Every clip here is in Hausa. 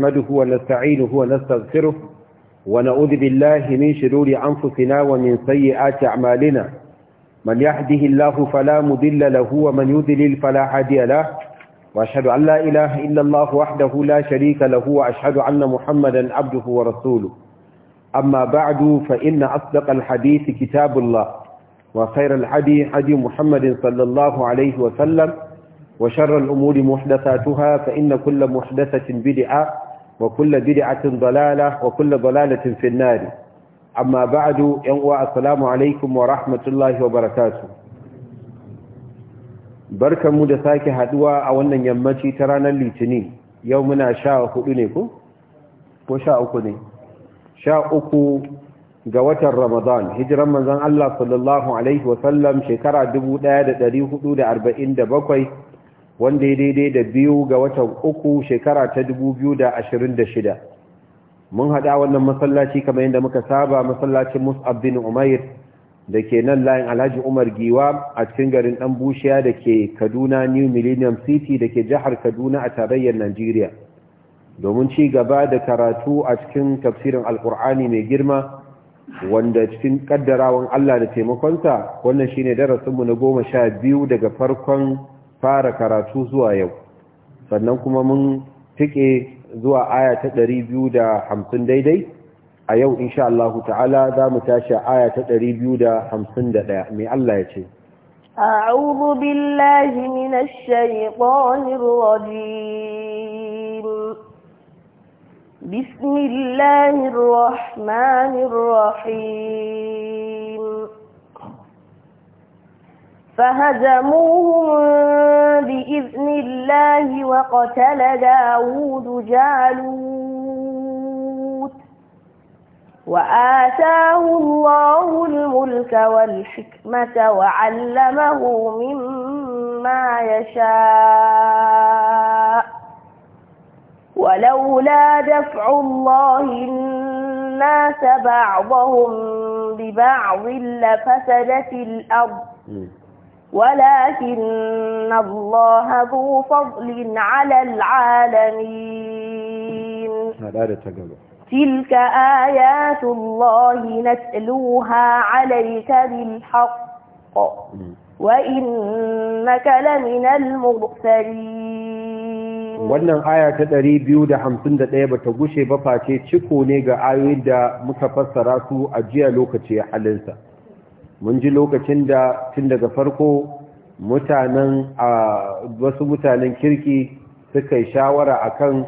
نحمده ونستعينه ونستغفره ونعوذ بالله من شرور أنفسنا ومن سيئات أعمالنا من يهده الله فلا مضل له ومن يضلل فلا هادي له وأشهد أن لا إله إلا الله وحده لا شريك له وأشهد أن محمدا عبده ورسوله أما بعد فإن أصدق الحديث كتاب الله وخير الحدي حدي محمد صلى الله عليه وسلم وشر الأمور محدثاتها فإن كل محدثة بدعة wa kulla bid'atin dalala wa kulla dalalatin fi an-nar amma ba'du yan uwa assalamu alaikum wa rahmatullahi wa barakatuh mu da sake haɗuwa a wannan yammaci ta ranar litini yau muna 14 ne ko ko 13 ne 13 ga watan ramadan hijran manzon Allah sallallahu alaihi da sallam shekara 1447 wanda ya daidai da biyu ga watan uku shekara ta da ashirin da shida. mun haɗa wannan masallaci kamar yadda muka saba masallacin mus'ab bin umair da ke nan layin alhaji umar giwa a cikin garin ɗan bushiya da ke kaduna new millennium city da ke jihar kaduna a tarayyar najeriya domin ci gaba da karatu a cikin tafsirin alkur'ani mai girma wanda cikin kaddarawan allah da taimakonsa wannan shine darasinmu na goma sha biyu daga farkon fara karatu zuwa yau sannan kuma mun tike zuwa aya ta 250 daidai a yau insha Allah ta'ala za mu tashi aya ta 251 mai Allah ya ce أعوذ بالله من الشيطان الرجيم بسم الله الرحمن الرحيم فهزموهم بإذن الله وقتل داود جالوت وآتاه الله الملك والحكمة وعلمه مما يشاء ولولا دفع الله الناس بعضهم ببعض لفسدت الأرض ولكن الله ذو فضل على العالمين تلك آيات الله نتلوها عليك بالحق وإنك لمن المرسلين wannan aya ta 251 bata gushe ba face ciko ne ga ayoyin da muka fassara su a jiya lokaci halinsa mun ji lokacin da tun daga farko mutanen a wasu mutanen kirki suka yi shawara kan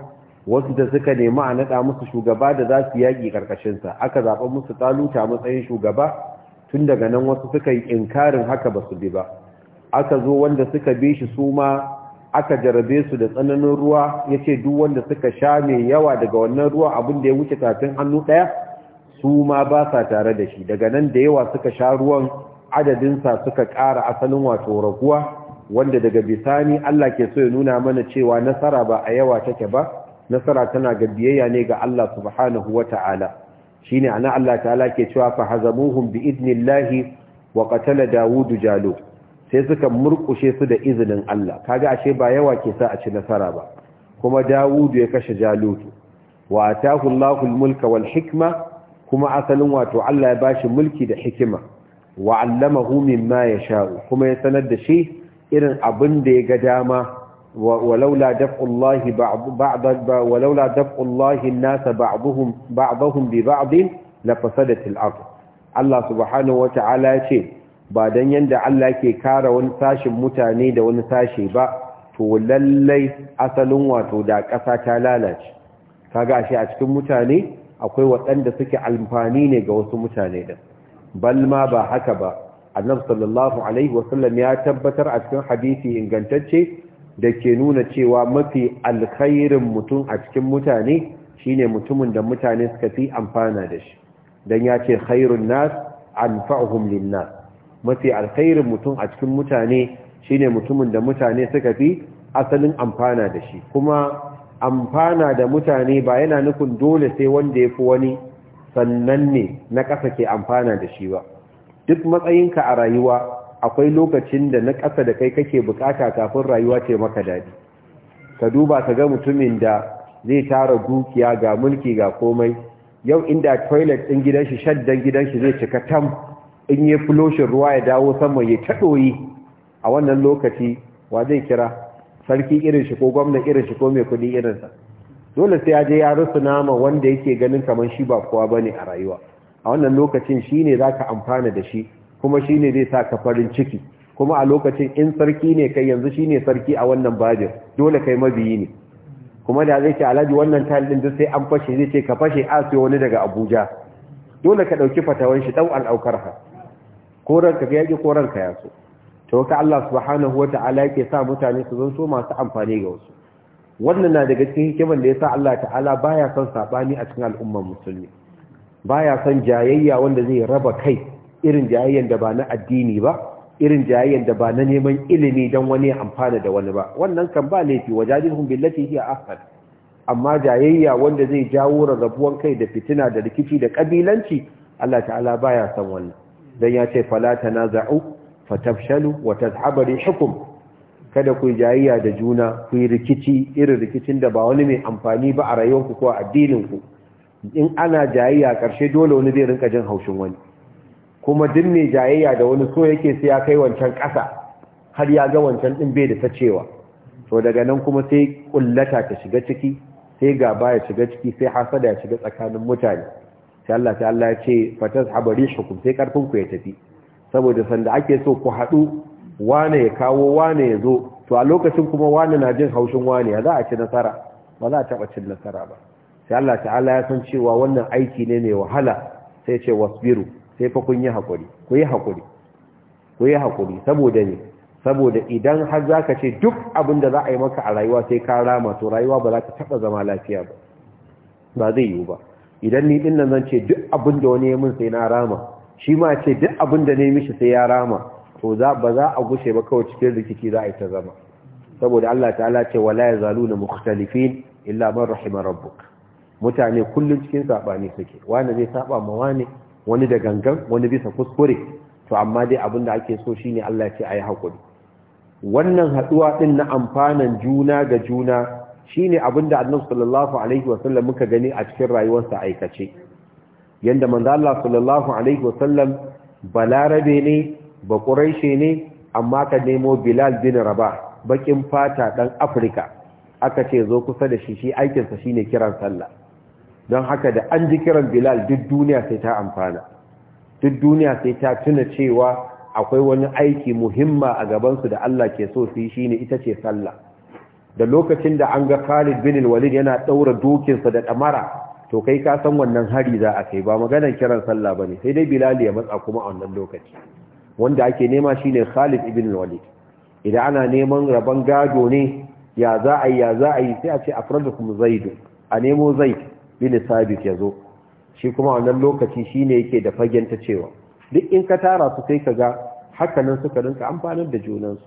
wasu da suka nema a naɗa musu shugaba da za su yaƙi ƙarƙashinsa aka zaɓa musu taluta matsayin shugaba tun daga nan wasu suka yi inkarin haka ba su bi ba aka zo wanda suka bi shi su ma aka jarabe su da tsananin ruwa ya ce duk wanda suka sha mai yawa daga wannan ruwa abin da ya wuce kafin hannu ɗaya su ma ba sa tare da shi daga nan da yawa suka sha ruwan adadinsa suka ƙara asalin wato raguwa wanda daga bisani Allah ke so ya nuna mana cewa nasara ba a yawa take ba nasara tana ga biyayya ne ga Allah subhanahu wata'ala shine ana Allah ta'ala ke cewa fa hazamuhum bi idnillahi wa qatala Dawud jalu sai suka murkushe su da izinin Allah kaga ashe ba yawa ke sa a ci nasara ba kuma Dawud ya kashe Jalut wa atahu Allahul mulka wal hikma kuma asalin wato Allah ya bashi mulki da hikima wa allamahu mimma yasha'u kuma ya sanar da shi irin abin da ya ga dama ولولا دفع الله بعض بعض ولولا دفع الله الناس بعضهم بعضهم ببعض لفسدت Allah الله سبحانه وتعالى ce, ba dan yanda Allah ke kare wani sashin mutane da wani sashi ba to lallai asalin wato da ƙasa ta lalace kaga shi a cikin mutane akwai waɗanda suke alfani ne ga wasu mutane din bal ma ba haka ba annab sallallahu alaihi wasallam ya tabbatar a cikin hadisi ingantacce da ke nuna cewa mafi alkhairin mutum a cikin mutane shine mutumin da mutane suka fi amfana da shi dan ya ce khairun nas anfa'uhum linnas mafi alkhairin mutum a cikin mutane shine mutumin da mutane suka fi asalin amfana da shi kuma amfana da mutane ba yana nufin dole sai wanda ya fi wani sannan ne na ƙasa ke amfana da shi ba duk matsayinka a rayuwa akwai lokacin da na ƙasa da kai kake bukata kafin rayuwa ce maka daɗi ka duba ka ga mutumin da zai tara dukiya ga mulki ga komai yau inda toilet ɗin gidan shi shaddan gidan shi zai cika tam in yi fuloshin ruwa ya dawo saman ya taɗoyi a wannan lokaci wa zai kira sarki irin shi ko gwamna irin shi ko mai kudi irinsa dole sai ya je ya rusu nama wanda yake ganin kamar shi ba kowa bane a rayuwa a wannan lokacin shine zaka amfana da shi kuma shine zai sa ka farin ciki kuma a lokacin in sarki ne kai yanzu shine sarki a wannan bajin dole kai mabiyi ne kuma da zai ce alhaji wannan tile din duk sai an fashe zai ce ka fashe asiyo wani daga Abuja dole ka ɗauki fatawan shi dau an aukar ka ko ranka ya ƙi ko ranka ya so to ka Allah subhanahu wata'ala yake sa mutane su zan so masu amfani ga wasu wannan na daga cikin hikimar da yasa Allah ta'ala baya son saɓani a cikin al'ummar musulmi baya son jayayya wanda zai raba kai irin jayayyan da ba na addini ba irin jayayyan da ba na neman ilimi don wani amfana da wani ba wannan kan ba laifi wajajilhum billati hiya ahsan amma jayayya wanda zai jawo rarrabuwan kai da fitina da rikici da kabilanci Allah ta'ala baya son wannan dan ya ce fala tanaza'u fatafshalu wa tazhaba hukum. kada ku jayayya da juna ku rikici irin rikicin da ba wani mai amfani ba a rayuwarku ko a addininku in ana jayayya karshe dole wani zai rinka jin haushin wani kuma duk mai jayayya da wani so yake sai ya kai wancan ƙasa har ya ga wancan din bai da ta cewa to daga nan kuma sai kullata ta shiga ciki sai gaba ya shiga ciki sai hasada ya shiga tsakanin mutane sai Allah ta Allah ya ce fatas habari hukum sai karfin ku ya tafi saboda sanda ake so ku haɗu wane ya kawo wane ya zo to a lokacin kuma wane na jin haushin wane ya za a ci nasara ba za a taɓa cin nasara ba sai Allah ta'ala ya san cewa wannan aiki ne mai wahala sai ce wasbiru sai fa kun yi haƙuri ku yi haƙuri ku yi haƙuri saboda ne saboda idan har zaka ce duk abin da za a yi maka a rayuwa sai ka rama to rayuwa ba za ta taɓa zama lafiya ba ba zai yiwu ba idan ni ɗin nan zan ce duk abin da wani ya min sai na rama shi ma ce duk abin da nemi mishi sai ya rama to ba za a gushe ba kawai cikin rikici za a yi ta zama saboda Allah ta'ala ce wala ya yazaluna mukhtalifin illa man rahima rabbuk mutane kullun cikin sabani suke wani zai saba ma wani wani da gangan wani bisa kuskure to amma dai abin da ake so shine Allah ya ce ayi hakuri wannan haduwa din na amfanan juna ga juna shine abinda da Annabi sallallahu alaihi wasallam muka gani a cikin rayuwarsa aikace yanda manzo sallallahu alaihi wasallam balarabe ne ba ƙuraishe ne amma ka nemo Bilal bin Raba, bakin fata ɗan Afirka aka ce zo kusa da shi shi aikinsa sa shine kiran sallah don haka da an ji kiran Bilal duk duniya sai ta amfana duk duniya sai ta tuna cewa akwai wani aiki muhimma a gabansu da Allah ke so su yi shine ita ce sallah da lokacin da an ga Khalid bin Walid yana ɗaura dokinsa da damara to kai ka san wannan hari za a kai ba maganar kiran sallah bane sai dai bilal ya matsa kuma a wannan lokaci wanda ake nema shine Khalid ibn Walid idan ana neman rabon gado ne ya za a yi ya za a yi sai a ce afradukum zaid a nemo zaid bin sabit yazo shi kuma wannan lokaci shine yake da fagen ta cewa duk in ka tara su sai kaga hakanan suka rinka amfanar da junansu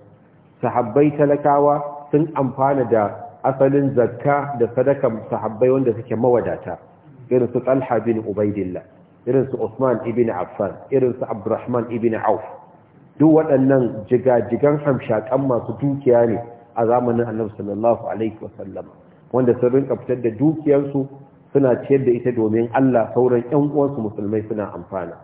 sahabbai talakawa sun amfana da asalin zakka da sadakan sahabbai wanda suke mawadata irin su Talha bin Ubaidillah irin su Usman ibn Affan irin su Abdurrahman ibn Auf duk waɗannan jigajigan hamshakan masu dukiya ne a zamanin Annabi sallallahu alaihi wasallam wanda sun rinka fitar da dukiyarsu suna ciyar da ita domin Allah sauran ƴan uwansu musulmai suna amfana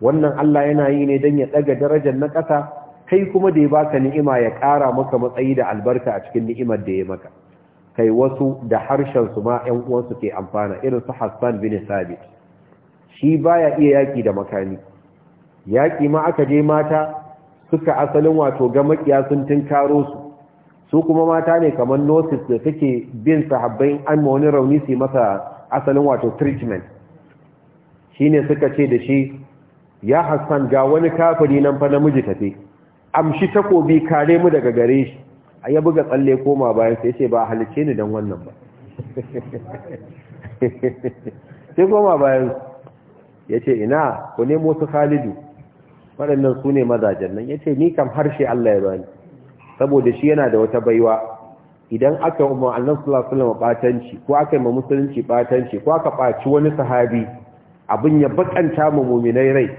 wannan Allah yana yi ne don ya ɗaga darajar na ƙasa kai kuma da ya baka ni'ima ya ƙara maka matsayi da albarka a cikin ni'imar da ya maka kai wasu da harshen su ma 'yan uwansu ke amfana irin su Hassan bin Sabit shi baya iya yaƙi da makami Yaƙi ma aka je mata suka asalin wato ga makiya sun tinkaro su su kuma mata ne kamar nosis da suke bin sahabbai an ma wani rauni su masa asalin wato treatment shine suka ce da shi ya Hassan ga wani kafiri nan fa namiji tafe amshi takobi kare mu daga gare shi a ya buga tsalle koma bayan sai ce ba a halice ni don wannan ba sai koma bayan ya ce ina ku ne su khalidu waɗannan su ne mazajen nan ya ce ni kam harshe Allah ya bani saboda shi yana da wata baiwa idan aka umar annan sulasulama ɓatanci ko aka yi ma musulunci ɓatanci ko aka ɓaci wani sahabi abin ya bakanta mu muminai rai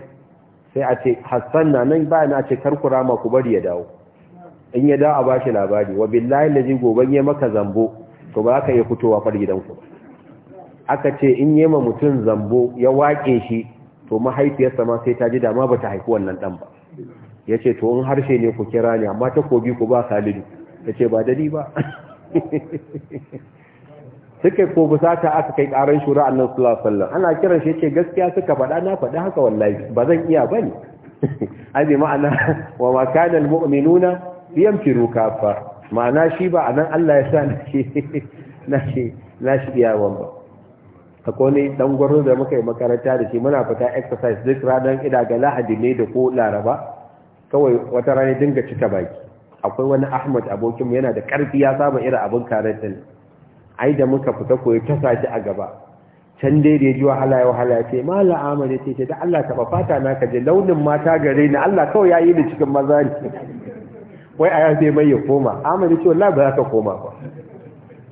sai a ce hassan na nan bayan na ce karkura ma ku bari ya dawo in ya dawo a ba shi labari wa billahi laji goban ya maka zambo to ba ka iya fitowa far gidanku aka ce in yi ma mutum zambo ya wake shi to mahaifiyarsa ma sai ta ji dama ba ta haifi wannan dan ba ya ce to in harshe ne ku kira ne amma ta kobi ku ba salidu ya ce ba dadi ba suka ko busata aka kai karan shura annan sallallahu ana kiran shi yace gaskiya suka faɗa na faɗa haka wallahi ba zan iya bane azima ana ma'ana wa ma kana almu'minuna firu kafa ma'ana shi ba anan Allah ya sa na shi na shi iyawan ba akwai ne dan da muka yi makaranta da shi muna fita exercise duk ranar ida ga lahadi ne da ko laraba kawai wata rana dinga cika baki akwai wani ahmad abokinmu yana da karfi ya saba irin abin karatun ai da muka fita koyi ta shi a gaba can dai da ya ji wahala ya ce mala amal ya ce da Allah taba fata na ka je launin mata gare ni Allah kawai ya yi ni cikin maza ne wai a yafe mai ya koma amma ce wallahi ba za ka koma ba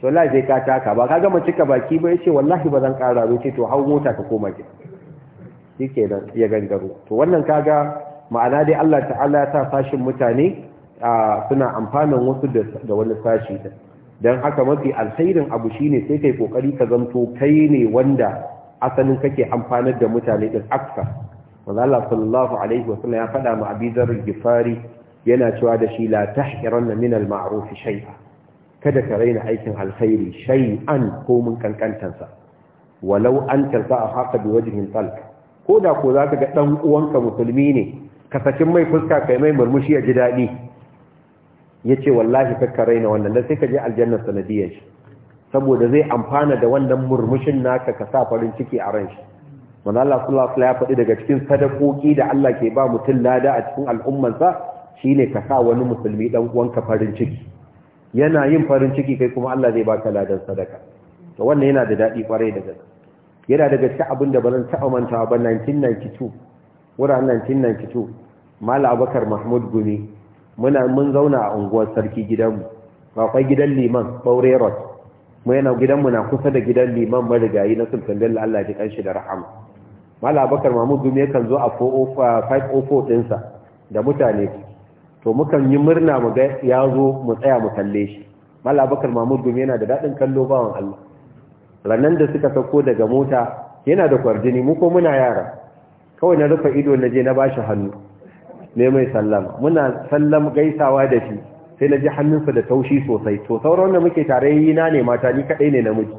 to la sai ka taka ba ka gama cika baki ba yace ce wallahi ba zan kara zo ce to hau mota ka koma ki yake kenan ya gangaro to wannan kaga ma'ana dai Allah ta'ala ya sa sashin mutane suna amfanin wasu da wani sashi din don haka mafi alkhairin abu shine sai kai kokari ka zanto kai ne wanda asalin kake amfanar da mutane din aksa wallahi sallallahu alaihi wasallam ya faɗa ma Abi Gifari. yana cewa da shi la tahqiranna min al-ma'ruf shay'a kada ka raina aikin alkhairi shay'an ko mun kankantansa walau an tarfa haka bi wajhin talq ko da ko zaka ga dan uwanka musulmi ne ka sakin mai fuska kai mai murmushi ya ji dadi yace wallahi ka raina wannan dan sai ka je aljanna sanadiyar shi saboda zai amfana da wannan murmushin naka ka sa farin ciki a ran shi manzo Allah sallallahu alaihi wasallam ya faɗi daga cikin sadakoki da Allah ke ba mutum lada a cikin al'ummarsa Shi ne ka sa wani musulmi dan wanka farin ciki yana yin farin ciki kai kuma Allah zai baka ladan sadaka to wannan yana da daɗi kwarai da gaske yana daga cikin abin da bazan taɓa mantawa ba 1992 wuraren 1992 Malam Abubakar Mahmud Gumi muna mun zauna a unguwar sarki gidanmu akwai gidan liman Baure Road mu yana gidanmu na kusa da gidan liman marigayi na Sultan Bello Allah ya kanshi da rahama Malam Abubakar Mahmud Gumi yakan zo a 504 ɗinsa da mutane to mukan yi murna mu ga ya zo mu tsaya mu kalle shi mallam abakar mahmud gumi yana da daɗin kallo bawan allah ranan da suka sako daga mota yana da kwarjini mu ko muna yara kawai na rufe ido na je na bashi hannu ne mai sallama muna sallam gaisawa da shi sai na ji hannunsa da taushi sosai to sauran da muke tare yi na ne mata ni kaɗai ne namiji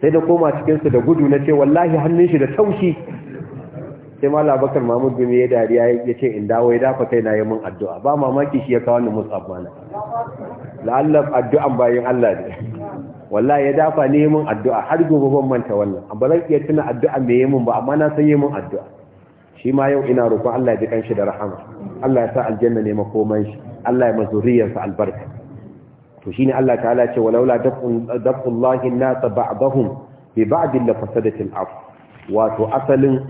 sai da koma cikinsu da gudu na ce wallahi hannun shi da taushi sai ma labakar mahmud Bin ya dariya ya ce in dawo ya dafa kai na yi mun addu'a ba mamaki shi ya kawo ni musu abana la'allar addu'an bayan allah ne ya dafa ne yi mun addu'a har gobe ban manta wannan ba zan iya tuna addu'a mai yi mun ba amma na san yi mun addu'a shi ma yau ina roƙon allah ya ji kanshi da rahama allah ya sa aljanna ne makoman shi allah ya mazuriyarsa albarka to shine allah ta'ala ce walaula daf'ullahi nasa ba'dahum bi ba'din la fasadatil af wato asalin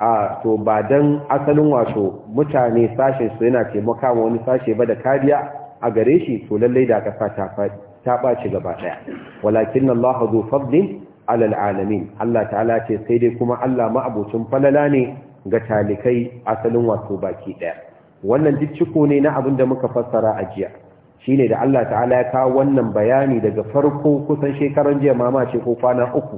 a to ba dan asalin wato mutane sashen su yana taimaka ma wani sashe ba da kariya a gare shi to lallai da kasa ta ta ɓaci gaba ɗaya walakin Allah zo fadlin alal alamin Allah ta'ala ce sai dai kuma Allah ma'abocin falala ne ga talikai asalin wato baki ɗaya wannan duk ciko ne na abin da muka fassara a jiya shine da Allah ta'ala ya kawo wannan bayani daga farko kusan shekaran jiya mamace ko kwana uku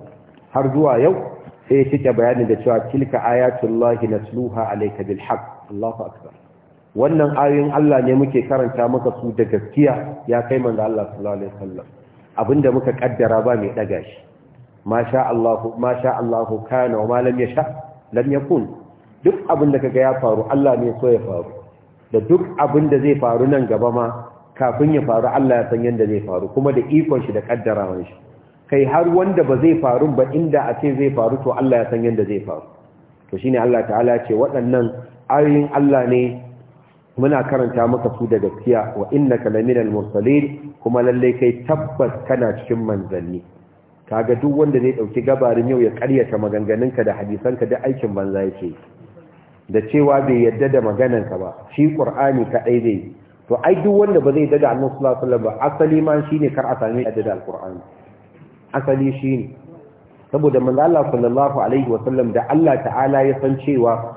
har zuwa yau sai ya ta bayani da cewa tilka ayatullahi nasluha alayka bil haqq Allahu akbar wannan ayoyin Allah ne muke karanta maka su da gaskiya ya kai manzo Allah sallallahu alaihi wasallam abinda muka kaddara ba mai daga shi masha Allah masha Allah kana wa ma lam yasha lam yakun duk kaga ya faru Allah ne so ya faru da duk abin da zai faru nan gaba ma kafin ya faru Allah ya san yanda zai faru kuma da ikon shi da kaddarawan shi kai har wanda ba zai faru ba inda a ce zai faru to Allah ya san yadda zai faru to shine Allah ta'ala ce waɗannan ayoyin Allah ne muna karanta maka su da gaskiya wa innaka laminal mursalin kuma lallai kai tabbas kana cikin manzanni kaga duk wanda zai dauki gabarin yau ya karyata maganganunka da hadisanka da aikin banza yake da cewa bai yadda da maganarka ba shi ƙur'ani kaɗai zai to ai duk wanda ba zai yadda da Annabi sallallahu alaihi wasallam ba asali ma shine kar a same yadda da alqur'ani asali shi ne. saboda manzo Allah sallallahu alaihi wasallam da Allah ta'ala ya san cewa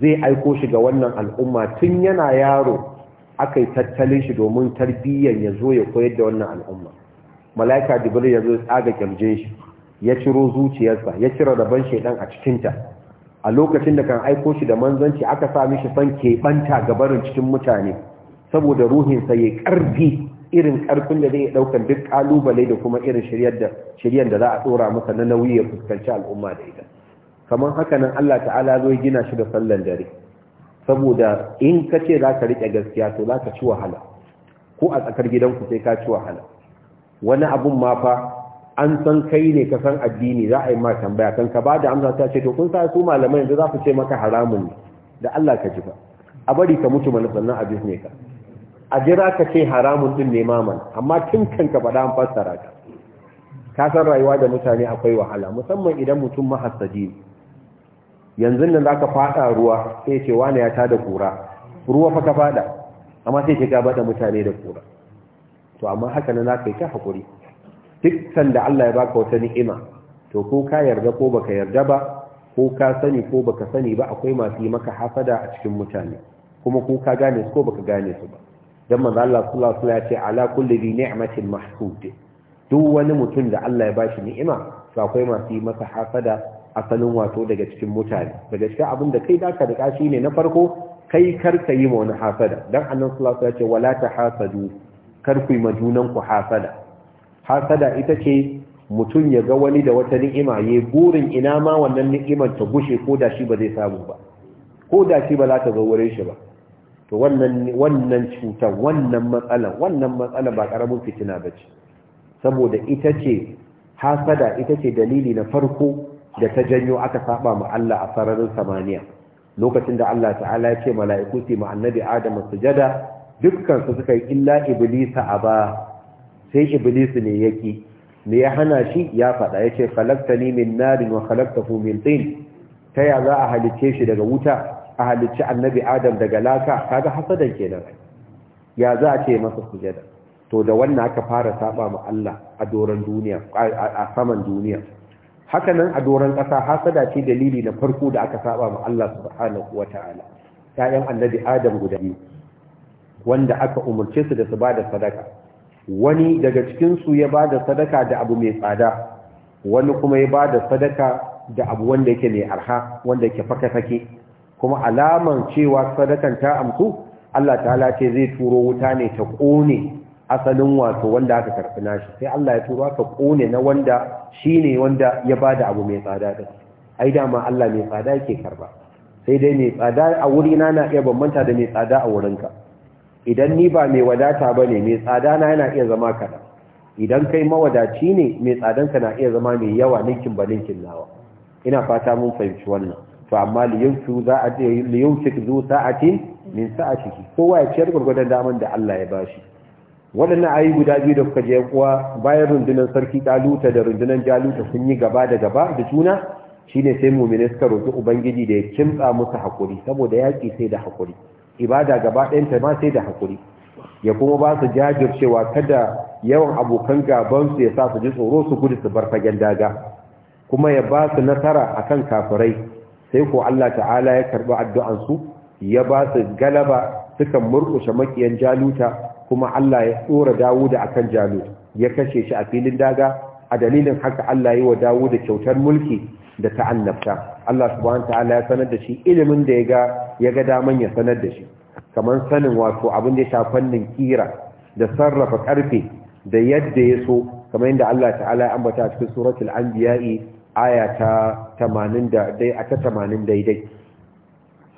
zai aiko shi ga wannan al'umma tun yana yaro aka yi tattalin shi domin tarbiyyar ya zo ya koyar da wannan al'umma mala'ika jibril ya zo ya tsaga kirjin shi ya ciro zuciyarsa ya cire rabon shaidan a cikinta a lokacin da kan aiko shi da manzanci aka sa mishi son keɓanta ga cikin mutane saboda ruhinsa ya ƙarfi irin karfin da zai daukan duk kalubale da kuma irin shiryar da za a tsora masa na nauyi ya fuskanci al'umma da ita kamar haka nan Allah ta'ala zo gina shi da sallan dare saboda in ka ce za ka riƙe gaskiya to za ka ci wahala ko a tsakar gidanku sai ka ci wahala wani abun ma fa an san kai ne ka san addini za a yi ma tambaya kan ka ba da amsa ta ce to kun sa su malamai yanzu za su ce maka haramun da Allah ka ji ba a bari ka mutu mana sannan a ne ka a jira ka ce haramun din ne maman amma tun kanka faɗa an fassara ka ka san rayuwa da mutane akwai wahala musamman idan mutum mahassaji yanzu nan zaka faɗa ruwa sai ce wani ya tada kura ruwa fa ka faɗa amma sai ce ka bada mutane da kura to amma haka nan zaka yi ta hakuri duk da Allah ya baka wata ni'ima to ko ka yarda ko baka yarda ba ko ka sani ko baka sani ba akwai masu yi maka hasada a cikin mutane kuma ko ka gane su ko baka gane su ba dan manzo Allah sallallahu alaihi wasallam ya ce ala kulli bi ni'matin mahsud duk wani mutum da Allah ya bashi ni'ima to akwai masu yi masa hasada asalin wato daga cikin mutane daga cikin abin da kai ka rika kashi ne na farko kai kar ka yi ma wani hasada dan annabi sallallahu alaihi wasallam ya ce wala tahasadu kar ku yi ma junan ku hasada hasada ita ce mutum ya ga wani da wata ni'ima ya burin ina ma wannan ni'imar ta gushe ko da shi ba zai samu ba ko da shi ba za ta zo wurin shi ba to wannan cuta, cutar wannan matsala wannan matsala ba karamin fitina ce. saboda ita ce hasada ita ce dalili na farko da ta janyo aka saba ma Allah a sararin samaniya lokacin da Allah ta'ala ya ce mala'iku su ma annabi Adam sujada dukkan su suka yi illa iblisa aba sai iblis ne yake me ya hana shi ya faɗa yace khalaqtani min narin wa khalaqtahu min tin ta ya za a halice shi daga wuta a halicci annabi adam daga laka kaga hasadan kenan ya za a ce masa sujada to da wannan aka fara saba ma Allah a doran duniya a saman duniya haka nan a doran ƙasa hasada ce dalili na farko da aka saba ma Allah subhanahu wataala ƴaƴan annabi adam guda biyu wanda aka umurce su da su bada sadaka wani daga cikin su ya bada sadaka da abu mai tsada wani kuma ya bada sadaka da abu wanda yake mai arha wanda yake fake-fake kuma alaman cewa sadakan ta amsu Allah ta'ala ce zai turo wuta ne ta kone asalin wato wanda aka karfi nashi sai Allah ya turo aka kone na wanda shine wanda ya bada abu mai tsada din ai dama Allah mai tsada yake karba sai dai mai tsada a wurina na iya bambanta da mai tsada a wurinka idan ni ba mai wadata bane mai tsada na yana iya zama kaɗan idan kai mawadaci ne mai ka na iya zama mai yawa ninkin ba ninkin nawa ina fata mun fahimci wannan to amma liyunfi za a liyunfi zu sa'atin min sa'ati kowa ya ciyar gurgurdan daman da Allah ya bashi waɗannan ayi guda biyu da kuka je kuwa bayan rundunar sarki Taluta da rundunar Jaluta sun yi gaba da gaba da juna shine sai mu'mini suka roki ubangiji da ya kimtsa musu hakuri saboda yaki sai da hakuri ibada gaba ɗayan ta ma sai da hakuri ya kuma ba su jajircewa kada yawan abokan gaban su ya sa su ji tsoro su gudu su bar fagen daga kuma ya ba su nasara akan kafirai sai ko Allah ta'ala ya karbi addu'ansu ya ba su galaba suka murkushe makiyan jaluta kuma Allah ya tsora Dawuda akan jalut ya kashe shi a filin daga a dalilin haka Allah yi wa Dawuda kyautar mulki da ta Allah subhanahu ta'ala ya sanar da shi ilimin da ya ga ya ga daman ya sanar da shi kamar sanin wato abin da ya shafi fannin kira da sarrafa karfe da yadda ya so kamar yadda Allah ta'ala ya ambata a cikin suratul anbiya'i aya ta 80 dai a ta 80 daidai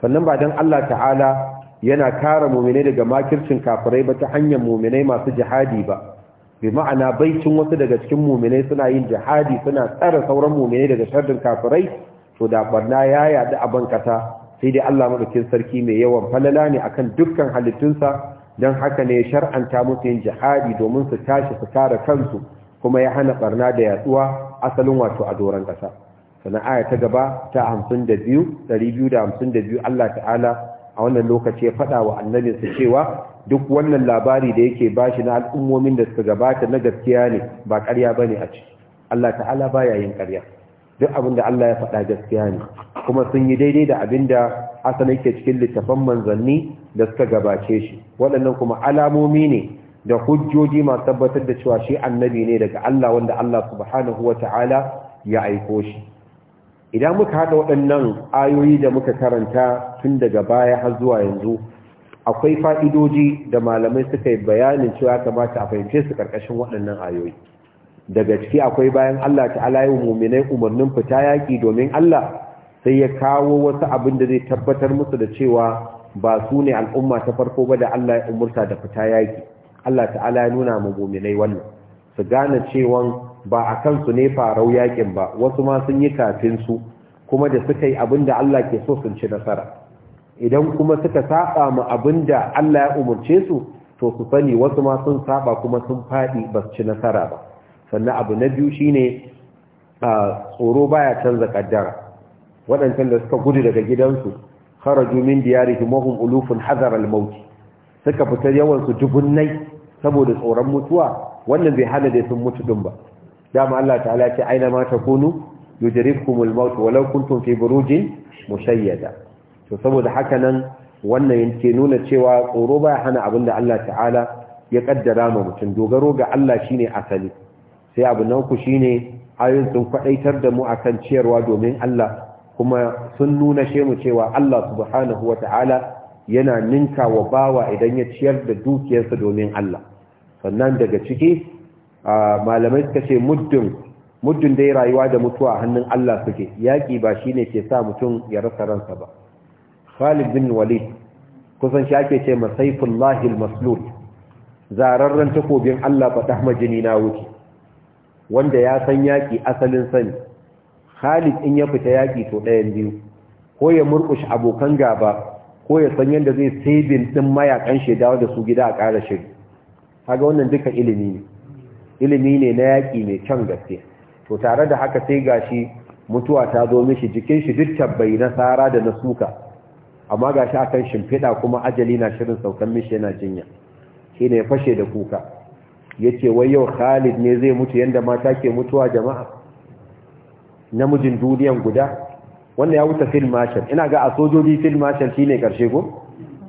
sannan ba dan Allah ta'ala yana kare mu'minai daga makircin kafirai ba ta hanyar mu'minai masu jihadi ba bi ma'ana baicin wasu daga cikin mu'minai suna yin jihadi suna tsara sauran mu'minai daga sharrin kafirai to da barna ya yadu a bankata sai dai Allah madaukin sarki mai yawan falala ne akan dukkan halittunsa don haka ne shar'anta musu yin jihadi domin su tashi su kare kansu kuma ya hana barna da yatsuwa asalin wato a doron kasa sannan aya ta gaba ta 52 252 Allah ta'ala a wannan lokaci ya faɗa wa annabinsa cewa duk wannan labari da yake bashi na al'ummomin da suka gabata na gaskiya ne ba ƙarya bane a ciki Allah ta'ala baya yin ƙarya duk abin da Allah ya faɗa gaskiya ne kuma sun yi daidai da abin da asalin cikin littafan manzanni da suka gabace shi waɗannan kuma alamomi ne da hujjoji masu tabbatar da cewa shi annabi ne daga Allah wanda Allah subhanahu wa ta'ala ya aiko shi idan muka haɗa waɗannan ayoyi da muka karanta tun daga baya har zuwa yanzu akwai fa'idoji da malamai suka yi bayanin cewa kamata a fahimce su ƙarƙashin waɗannan ayoyi daga ciki akwai bayan Allah ta'ala yi muminai umarnin fita yaƙi domin Allah sai ya kawo wasu abin da zai tabbatar musu da cewa ba su ne al'umma ta farko ba da Allah ya umurta da fita yaƙi Allah ta'ala ya nuna mu mu'minai wannan su gane cewa ba a kansu ne farau yakin ba wasu ma sun yi kafin su kuma da suka yi abinda Allah ke so sun ci nasara idan kuma suka saba mu abinda Allah ya umarce su to su sani wasu ma sun saba kuma sun fadi ba su ci nasara ba sannan abu na biyu shine tsoro baya canza kaddara waɗancan da suka gudu daga gidansu kharaju min diyarihim wa hum ulufun hadar al-maut suka fita yawan su dubunnai saboda tsoron mutuwa wannan bai hana da sun mutu ɗin ba dama Allah ta'ala ya ce aina ma kunu yudrikumul maut walau kuntum fi burujin mushayyada to saboda haka nan wannan yake nuna cewa tsoro ba hana abin da Allah ta'ala ya kaddara ma mutum dogaro ga Allah shine asali sai abu nan ku shine ayoyin sun kwadaitar da mu akan ciyarwa domin Allah kuma sun nuna she mu cewa Allah subhanahu Ta'ala yana ninka wa bawa idan ya ciyar da dukiyarsa domin Allah sannan daga ciki malamai suka ce muddin muddin ya rayuwa da mutuwa a hannun Allah suke yaƙi ba shi ne ke sa mutum ya rasa ransa ba Khalid bin Walid kusan shi ake ce masaifin Lahil maslul zararren takobin Allah hama jini na wuce wanda ya san yaƙi asalin sani Khalid in ya fita yaƙi to ɗayan biyu ko ya murƙushe abokan gaba ko ya san yadda zai sabin ɗin mayaƙan shaidawa da su gida a ƙara shiri kaga wannan duka ilimi ne ilimi ne na yaƙi mai can gaske to tare da haka sai gashi mutuwa ta zo mishi jikin shi duk tabbai na sara da na suka amma gashi akan shimfiɗa kuma ajali na shirin saukan mishi yana jinya shi ne fashe da kuka yace wai yau khalid ne zai mutu yadda mata ke mutuwa jama'a namijin duniyan guda wanda ya wuta fil marshal ina ga a sojoji fil marshal shine karshe ko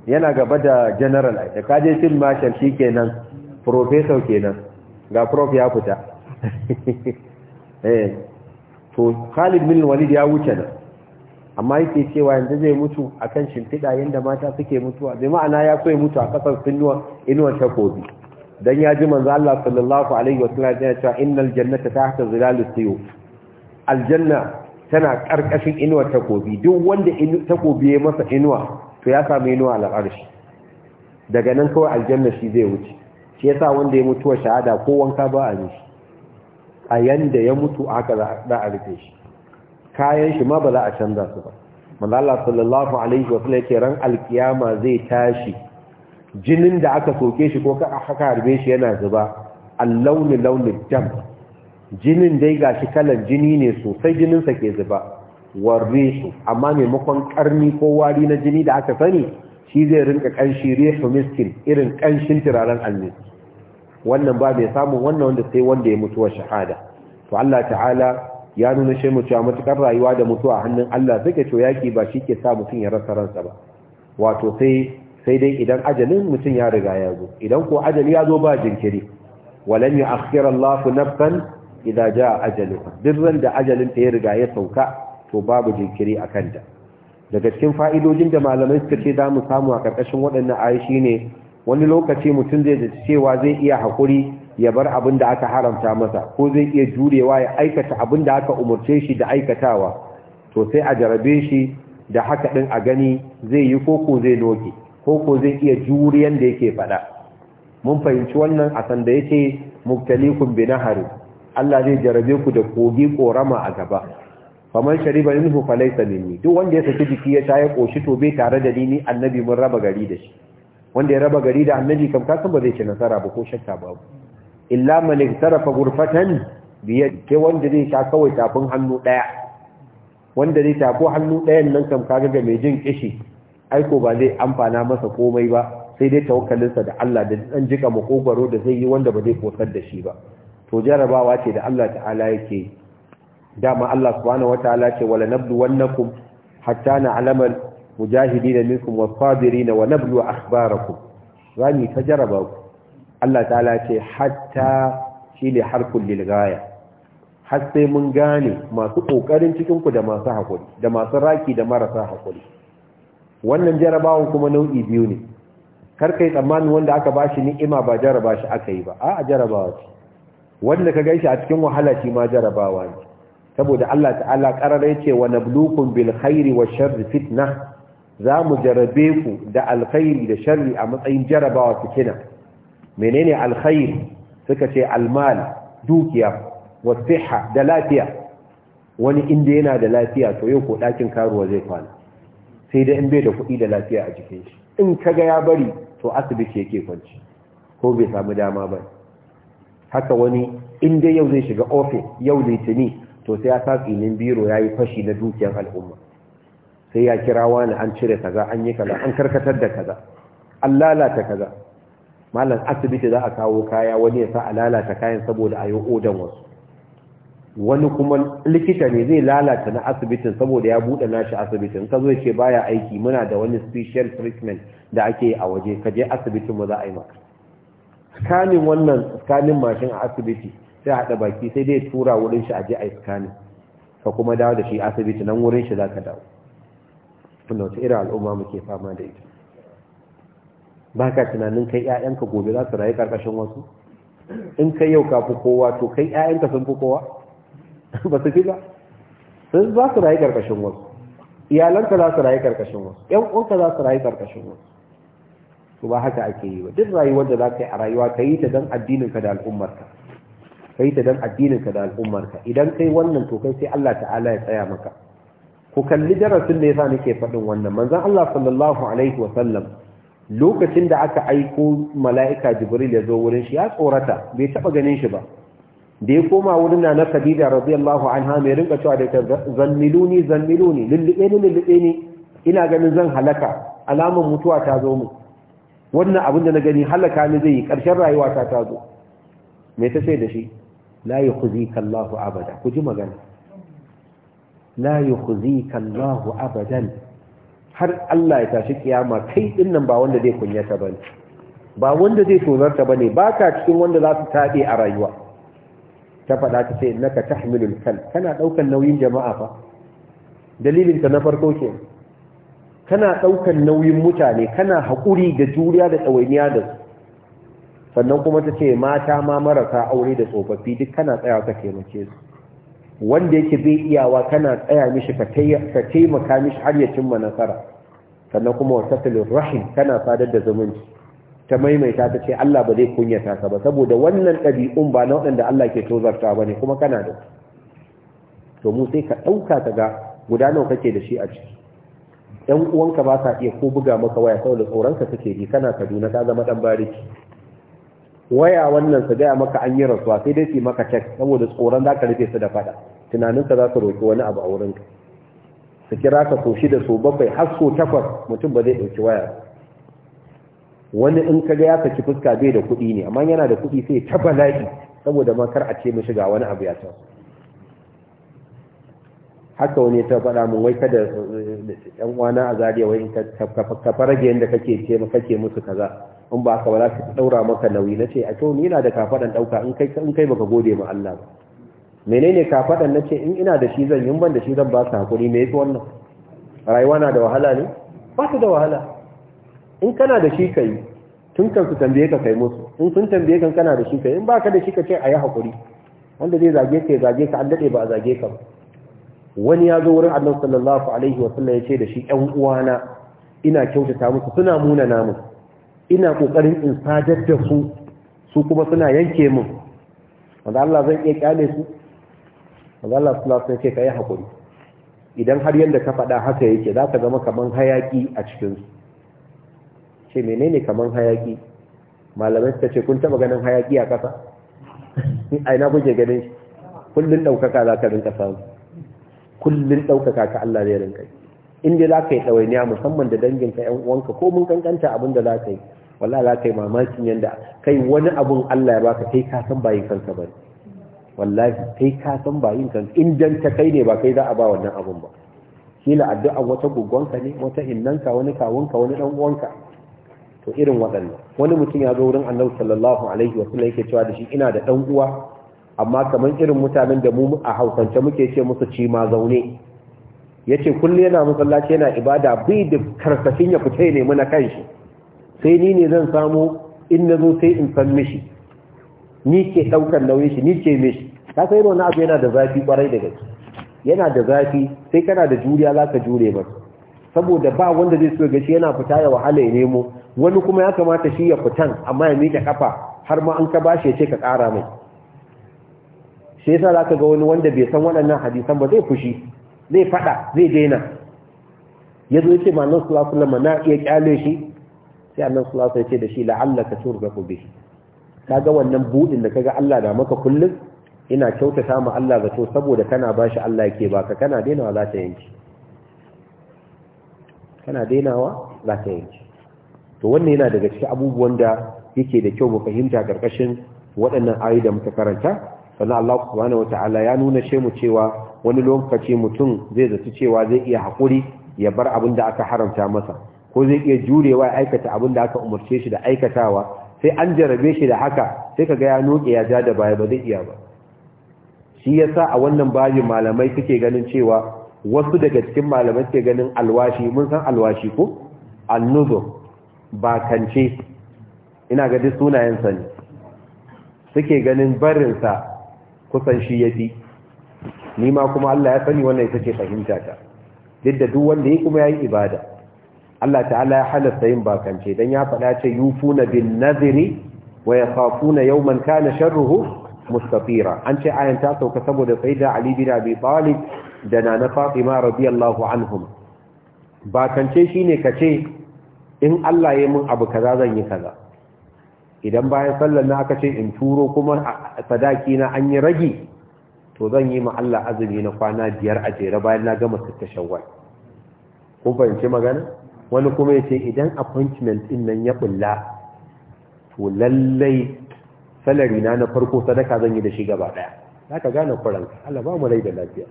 yana gaba da general da kaje fil marshal shikenan professor kenan ga prof ya fita eh to Khalid bin Walid ya wuce da amma yake cewa yanzu zai mutu akan shimfiɗa yanda mata suke mutuwa bai ma'ana ya so ya mutu a kasar sinuwa inuwar takobi dan ya ji manzo Allah sallallahu alaihi wasallam ya ce innal jannata tahta zilalis suyuf aljanna tana karkashin inuwar takobi duk wanda takobi ya masa inuwa to ya samu inuwa al'arshi daga nan kawai aljanna shi zai wuce shi yasa wanda ya mutuwa shahada ko wanka ba a mishi a yanda ya mutu aka za a rufe shi kayan shi ma ba za a canza su ba manzo sallallahu alaihi wa yake ran alkiyama zai tashi jinin da aka soke shi ko aka harbe shi yana zuba allauni launin jam. jinin dai gashi kalan jini ne sosai jininsa ke zuba warre su amma maimakon karni ko wari na jini da aka sani shi zai rinka kanshi rehu miskin irin kanshin turaren almiski wannan ba mai samun wannan wanda sai wanda ya mutuwa shahada to Allah ta'ala ya nuna shi mutu a matukar rayuwa da mutuwa a hannun Allah suke to yaki ba shi ke sa mutum ya rasa ransa ba wato sai sai dai idan ajalin mutum ya riga ya zo idan ko ajali ya zo ba jinkiri walan ya akhira Allah nafsan idza jaa ajaluha dirran da ajalin ta ya riga ya sauka to babu jinkiri akan ta daga cikin fa'idojin da malamai suka ce za mu samu a ƙarƙashin waɗannan ayi shine wani lokaci mutum zai ji cewa zai iya haƙuri ya bar abin da aka haramta masa ko zai iya jurewa ya aikata abin da aka umarce shi da aikatawa to sai a jarabe shi da haka ɗin a gani zai yi koko zai noke koko zai iya juriyan da yake faɗa mun fahimci wannan a sanda yake mubtalikum bi nahari Allah zai jarabe ku da kogi korama a gaba faman shariba minhu falaysa minni duk wanda ya saki jiki ya sha ya koshi to bai tare da ni annabi mun raba gari da shi wanda ya raba gari da annabi kam kasan ba zai ci nasara ba ko shakka ba illa man iktarafa ghurfatan yadi ke wanda zai sha kawai tafin hannu daya wanda zai tafo hannu dayan nan kam kaga ga mai jin kishi aiko ba zai amfana masa komai ba sai dai tawakkalinsa da Allah da dan jika makogaro da zai yi wanda ba zai kosar da shi ba to jarabawa ce da Allah ta'ala yake dama Allah subhanahu wataala ce wala nabdu wannakum hatta na'lamal mujahidina minkum was-sabirina wa nablu akhbarakum zani tajaraba ku Allah ta'ala ce hatta shine harkul lil gaya har sai mun gane masu kokarin cikin ku da masu hakuri da masu raki da marasa hakuri wannan jarabawan kuma nau'i biyu ne kar kai tsammani wanda aka bashi ni'ima ba jaraba shi aka yi ba a'a jarabawa ce wanda ka gaishe a cikin wahala shi ma jarabawa ne saboda Allah ta'ala qarara yace wa nablukum bil khairi wash sharri fitna za mu jarabe ku da alkhairi da sharri a matsayin jarabawa fitina menene alkhairi suka ce almal dukiya wa siha da lafiya wani inda yana da lafiya to yau ko dakin karuwa zai kwana sai da in bai da kuɗi da lafiya a jikin shi in kaga ya bari to asibiti yake kwanci ko bai samu dama ba haka wani inda yau zai shiga ofis yau litini to sai ya sa tsinin biro ya yi fashi na dukiyar al'umma sai ya kira wani an cire kaza an yi kaza an karkatar da kaza an lalata kaza malam asibiti za a kawo kaya wani ya sa a lalata kayan saboda a yi odan wasu wani kuma likita ne zai lalata na asibitin saboda ya buɗe nashi asibitin ka zo ya ce baya aiki muna da wani special treatment da ake yi a waje ka je asibitin mu za a yi maka scanning wannan scanning mashin a asibiti sai haɗa baki sai dai tura wurin shi a je a yi scanning ka kuma dawo da shi asibiti nan wurin shi za ka dawo tunda wata irin al'umma muke fama da ita ba ka tunanin kai 'ya'yanka gobe za su rayu karkashin wasu in kai yau ka fi kowa to kai 'ya'yanka sun fi kowa ba su fi ba sun za su rayu karkashin wasu iyalanka za su rayu karkashin wasu ƴan uwanka za su rayu karkashin wasu to ba haka ake yi ba duk rayuwar da za ka yi a rayuwa ka yi ta don addininka da al'ummarka ka yi ta don addininka da al'ummarka idan kai wannan to kai sai Allah ta'ala ya tsaya maka ku kalli darasin da ya yasa nake faɗin wannan manzan Allah sallallahu alaihi wa lokacin da aka aiko mala'ika jibril ya zo wurin shi ya tsorata bai taba ganin shi ba da ya koma wurin na na khadija radiyallahu anha mai rinka cewa da ta zanniluni zanniluni lullube ni lullube ni ina ganin zan halaka alaman mutuwa ta zo mu wannan abin da na gani halaka ni zai yi ƙarshen rayuwa ta ta zo me ta ce da shi la kuzi kallahu abada ku ji magana la yukhzika Allahu abadan har Allah ya tashi kiyama kai din nan ba wanda zai kunyata bane ba wanda zai tozarta bane baka cikin wanda za su tabe a rayuwa ta faɗa ta ce innaka tahmilul kal kana daukan nauyin jama'a fa dalilin ta na farko ke kana daukan nauyin mutane kana hakuri da juriya da tsawainiya da su sannan kuma ta ce mata ma marasa aure da tsofaffi duk kana tsaya ka taimake su wanda yake bai iyawa kana tsaya mishi ka taimaka mishi har ya cimma nasara sannan kuma wa tasilin rahim kana sadar da zumunci ta maimaita ta ce Allah ba zai kunyata ka ba saboda wannan ɗabi'un ba na waɗanda Allah ke tozarta ba ne kuma kana da to mu sai ka ɗauka ka ga guda nawa kake da shi a ciki ɗan uwanka ba sa iya ko buga maka waya saboda tsoronka suke ji kana kaduna ka zama ɗan bariki waya wannan su gaya maka an yi rasuwa sai dai su maka cek saboda tsoron za ka rufe su da fada tunaninsa za su roƙi wani abu a wurinka su kira ka so shida so bakwai har so takwas mutum ba zai ɗauki waya wani in ka ga ya saki fuska bai da kuɗi ne amma yana da kuɗi sai ta bala'i saboda ma kar a ce mishi ga wani abu ya ta haka wani ta faɗa mun wai kada ɗan eh, eh, eh, uwana a zariya wai ka farage yadda kake ce kake musu kaza in ba ka ba za ka daura maka nauyi nace a to ni ina da kafadan dauka in kai in kai baka gode ma Allah ba menene kafadan nace in ina da shi zan yi ban da shi zan ba ka hakuri me yake wannan rayuwa na da wahala ne ba ta da wahala in kana da shi kai tun kan su tambaye ka kai musu in sun tambaye kan kana da shi kai in baka da shi ka ce ayi hakuri wanda zai zage ka zage ka an dade ba a zage ka wani ya zo wurin Allah sallallahu alaihi wa sallam ya ce da shi ƴan uwana ina kyautata musu suna muna namu ina kokarin in sajar da su su kuma suna yanke mun wanda Allah zan iya ƙyale su wanda Allah sallallahu alaihi wasallam kai hakuri idan har yanda ka faɗa haka yake za ka zama kaman hayaki a cikin su ce menene kaman hayaki malamai suka ce kun taba ganin hayaki a ƙasa ai na kuke ganin shi kullun daukaka za ka rinka samu kullun daukaka ka Allah zai rinka in dai za ka yi ɗawainiya musamman da danginka ‘yan uwanka ko mun kankanta abin da za ka yi wallahi za ka yi mamakin yanda kai wani abun Allah ya baka kai ka san bayin kanka bane wallahi kai ka san bayin kanka in dan ta kai ne ba kai za a ba wannan abun ba kila addu'a wata ka ne wata innanka wani kawunka wani dan uwanka to irin waɗannan wani mutum ya zo wurin annabi sallallahu alaihi wa sallam yake cewa da shi ina da dan uwa amma kamar irin mutanen da mu a hausance muke ce musu ci ma zaune yace kullu yana masallaci yana ibada bi da karsashin ya fita ne mu na kanshi sai ni ne zan samu in na zo sai in san mishi ni ke ɗaukar nauyin shi ni ke mishi ka sai wani abu yana da zafi kwarai da gaske yana da zafi sai kana da juriya za ka jure masa saboda ba wanda zai so gashi yana fita ya wahala ya nemo wani kuma ya kamata shi ya fitan amma ya miƙe kafa har ma an ka bashi ya ce ka ƙara mai Sai yasa za ka ga wani wanda bai san waɗannan hadisan ba zai fushi zai faɗa zai daina ya zo ya ce ma nan na iya ƙyale shi sai annabi sallallahu alaihi ya ce da shi la'allaka ku bihi kaga wannan budin da ka ga Allah da maka kullum ina kyautata ma Allah zato saboda kana bashi Allah yake baka kana dainawa za ta yanki kana dainawa za ta yanki to wannan yana daga cikin abubuwan da yake da kyau mu fahimta karkashin waɗannan ayi da muka karanta sannan Allah subhanahu wataala ya nuna mu cewa wani lokaci mutum zai zasu cewa zai iya haƙuri ya bar abin da aka haramta masa ko zai iya jurewa ya aikata abin da aka umarce shi da aikatawa sai an jarabe shi da haka sai ka ya noke ya ja da baya ba zai iya ba shi ya sa a wannan bajin malamai suke ganin cewa wasu daga cikin malamai suke ganin alwashi mun san alwashi ko annuzo kance ina ga duk sunayensa ne suke ganin barinsa kusan shi ya fi ni ma kuma Allah ya sani wannan ita fahimta ta duk da duk wanda ya kuma ya yi ibada Allah ta'ala ya halasta yin bakance dan ya faɗa ce yufuna bin Naziri wa ya yakhafuna yawman kana sharruhu mustatira an ce ayan ta sauka saboda da Ali bin bi Talib da nana Fatima radiyallahu anhum bakance shine kace in Allah ya mun abu kaza zan yi kaza idan bayan sallar na aka ce in turo kuma sadaki na an yi ragi to zan yi ma Allah azumi na kwana biyar a jere bayan na gama sitta shawwal kun fahimci magana wani kuma ya ce idan appointment in nan ya bulla to lallai salari na na farko sadaka zan yi da shi gaba daya za ka gane kuranka Allah ba mu rai da lafiya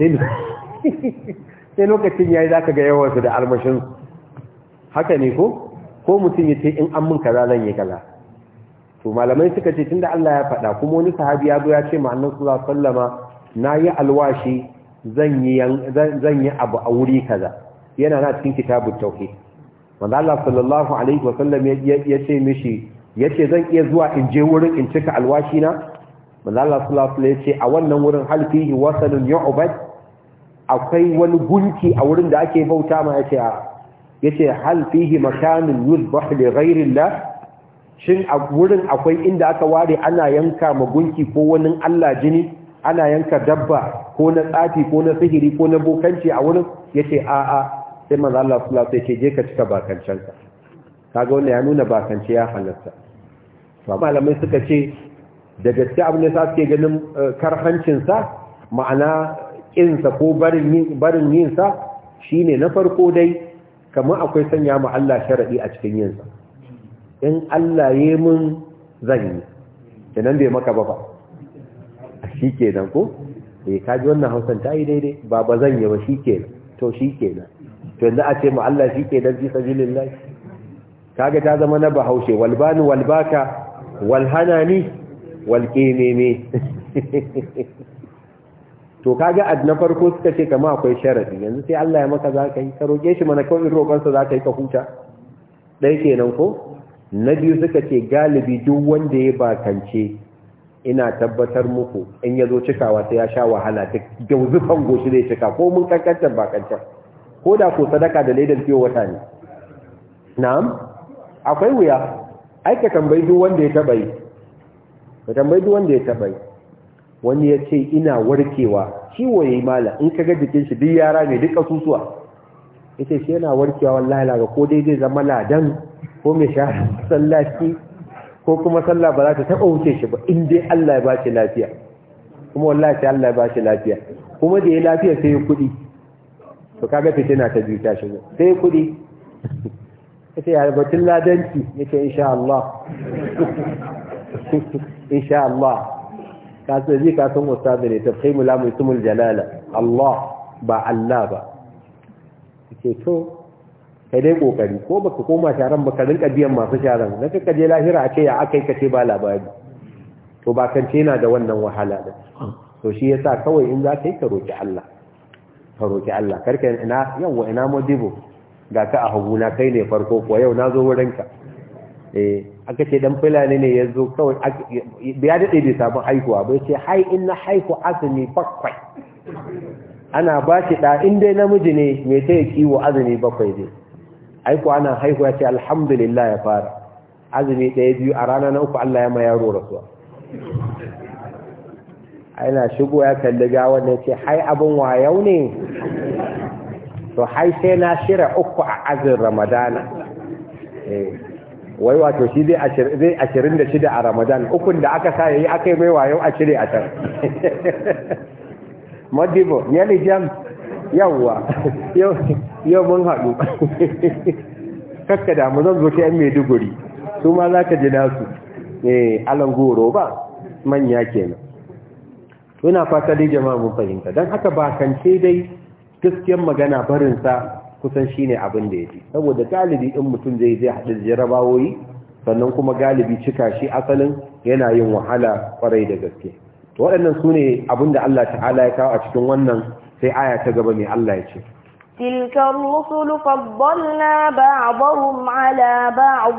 sai lokacin yayi za ka ga su da almashin haka ne ko ko mutum ya ce in an mun kaza zan yi kaza to malamai suka ce tunda Allah ya faɗa kuma wani sahabi ya zo ya ce ma'anar su sallallahu sallama na yi alwashi zan yi abu a wuri kaza yana na cikin kitabun tauhid wanda Allah sallallahu alaihi wasallam ya ce mishi yace zan iya zuwa in je wurin in cika alwashi na manzo Allah sallallahu alaihi wasallam a wannan wurin hal fihi wasalun yu'bad akwai wani gunki a wurin da ake bauta ma yace a yace hal fihi makanun yuzbah li ghairi Allah shin a wurin akwai inda aka ware ana yanka ma gunki ko wani Allah jini ana yanka dabba ko na tsafi ko na sihiri ko na bokanci a wurin yace a a sai manzo Allah su alaihi ke je ka cika bakancanka kaga wannan ya nuna bakance ya halatta to malamai suka ce da gaske abin da suke ganin eh, karhancin sa ma'ana kin sa ko barin yinsa barin yin sa shine na farko dai kamar akwai sanya mu Allah sharadi a cikin yin sa in Allah yi mun zan yi kenan bai maka ba ba shikenan ko eh kaji wannan hausan ta yi daidai ba ba zan yi ba shikenan to shikenan to yanzu a ce ma'allah shi ke dan jilin lai kaga ta zama na bahaushe walbani walbaka walhanani walqimimi to kaga a na farko suka ce kama akwai sharadi yanzu sai Allah ya maka ka yi ka roke shi mana kawai roƙonsa za ka yi ka huta dai kenan ko na biyu suka ce galibi duk wanda ya bakance ina tabbatar muku in yazo cikawa sai ya sha wahala duk gauzufan goshi zai cika ko mun kankantar bakancan ko da ko sadaka da laidar fiye wata ne na'am akwai wuya aika tambayi duk wanda ya taba yi ka tambayi duk wanda ya taba yi wani ya ce ina warkewa ciwo yi mala in ka jikin shi duk yara ne duk kasusuwa ce shi yana warkewa wallahi laga ko dai zai zama ladan ko mai sha sallaki, ko kuma sallah ba za ta taɓa wuce shi ba in dai Allah ya ba shi lafiya kuma wallahi Allah ya ba shi lafiya kuma da ya lafiya sai ya kuɗi to kaga fitina ta biyu shi shigo sai kuɗi yace ya batun ladanci yace insha Allah insha Allah ka so ji ka san ustadi ne tafhimu la ismul jalala Allah ba Allah ba yace to kai dai kokari ko baka koma sharan baka rinka biyan masu sharan na ka je lahira a ce ya akai ka ce ba labari to ba kan ce yana da wannan wahala da to shi yasa kawai in za ka yi ka roki Allah ka roƙi Allah karka ina yawa ina modibo ga ka a na kai ne farko kuwa yau na zo wurinka eh aka ce dan fulani ne yazo kawai ya daɗe bai sabon haihuwa bai ce hai in na haihu azumi bakwai ana ba shi da in dai namiji ne mai ta yi kiwo azumi bakwai ne. haiku ana haihu ya ce alhamdulillah ya fara azumi ɗaya biyu a rana na uku Allah ya ma yaro rasuwa ana shigo ya kalli gawar da ce hai abin wayau ne to hai sai na shira uku a azin ramadana eh, wai wato shi zai ashirin da shida a ramadan ukun da aka sa ya yi aka yi mai wayau a cire a can madibo yali jam yawwa yau mun haɗu kakka mu zan zo an yan maiduguri su ma za ka ji nasu eh ba manya kenan to ina fata dai jama'a mun fahimta dan haka ba kan ce dai gaskiyar magana barin sa kusan shine abin da ya yake saboda galibi in mutum zai zai hadu jarabawoyi sannan kuma galibi cika shi asalin yana yin wahala kwarai da gaske to waɗannan sune abin da Allah ta'ala ya kawo a cikin wannan sai aya ta gaba mai Allah ya ce تلك الرسل فضلنا بعضهم على بعض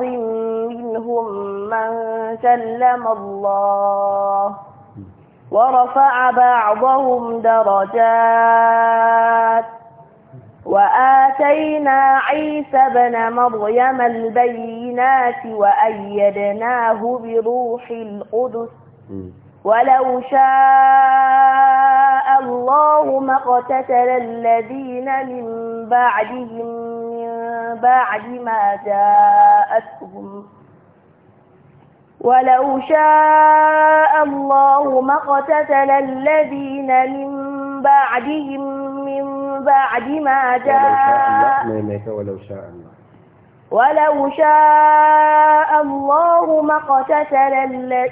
منهم من سلم الله ورفع بعضهم درجات وآتينا عيسى بن مريم البينات وأيدناه بروح القدس ولو شاء الله ما اقتتل الذين من بعدهم من بعد ما جاءتهم ولو شاء الله ما اقتتل الذين من بعدهم من بعد ما جاء ولو شاء الله ولو شاء الله ما اقتتل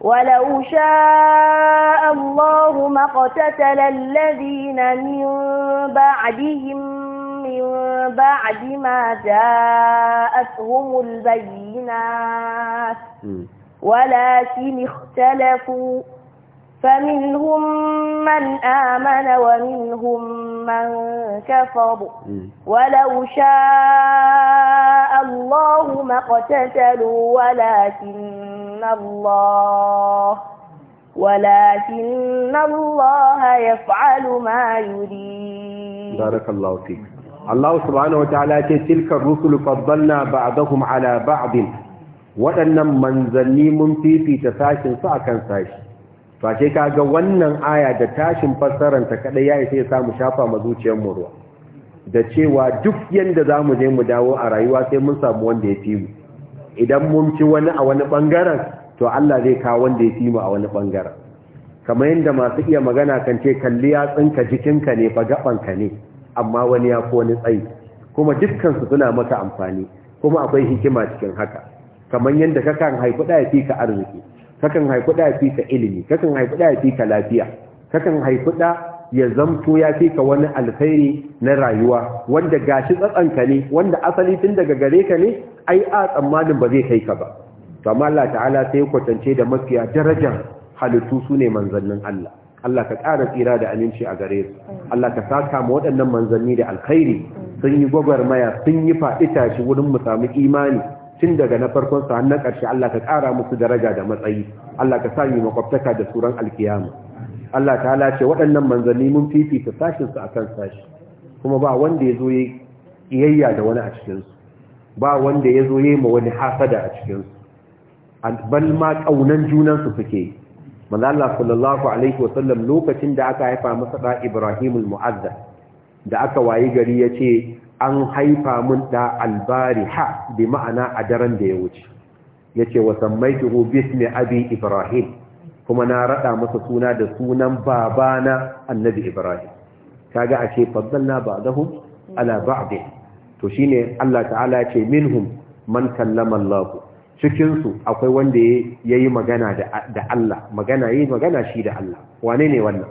ولو شاء الله ما اقتتل الذين من بعدهم من بعد ما جاءتهم البينات ولكن اختلفوا فمنهم من آمن ومنهم من كفر ولو شاء الله ما اقتتلوا ولكن الله ولكن الله يفعل ما يريد بارك الله فيك Allah subhanahu wataala ce tilka rusul faddalna ba'dahum ala ba'd waɗannan manzanni mun fifita sashin su akan sashi to sai kaga wannan aya da tashin fassarar ta kada ya isa ya samu shafa ma zuciyar mu ruwa da cewa duk yanda zamu je mu dawo a rayuwa sai mun samu wanda ya fi mu idan mun ci wani a wani bangaren to Allah zai kawo wanda ya fi mu a wani bangaren kamar yadda masu iya magana kan ce kalli tsinka jikinka ne fa ka ne amma wani ya fi wani tsayi kuma dukkansu suna maka amfani kuma akwai hikima cikin haka kamar yadda kakan haifi ɗaya fi ka arziki kakan haifi ɗaya fi ka ilimi kakan haifi ɗaya fi ka lafiya kakan haifi ɗa ya zamto ya fi ka wani alkhairi na rayuwa wanda gashi tsatsanka ne wanda asali tun daga gare ka ne ai a tsammanin ba zai kai ka ba to amma Allah ta'ala sai kwatance da mafiya darajar halittu sune manzannin Allah Allah ka ƙara tsira da aminci a gare su Allah ka saka mu waɗannan manzanni da alkhairi sun yi gwagwarmaya sun yi faɗi tashi wurin mu samu imani tun daga na farkon su hannun na ƙarshe Allah ka ƙara musu daraja da matsayi Allah ka sa mu makwabtaka da suran alkiyama Allah ta ce waɗannan manzanni mun fifita sashin su akan sashi kuma ba wanda ya zo ya iyayya da wani a cikin su ba wanda ya zo ya yi ma wani hasada a cikin su bal ma ƙaunan junan su suke manzo sallallahu alaihi wasallam lokacin da aka haifa masa da Ibrahimul Mu'azzab da aka wayi gari yace an haifa mun da albariha bi ma'ana a daren da ya wuce yace wa bis bismi abi Ibrahim kuma na rada masa suna da sunan babana annabi Ibrahim kaga a ce faddalna ba'dahum ala ba'd to shine Allah ta'ala ya ce minhum man kallama Allah cikinsu akwai wanda ya yi magana da Allah magana yi magana shi da Allah wane ne wannan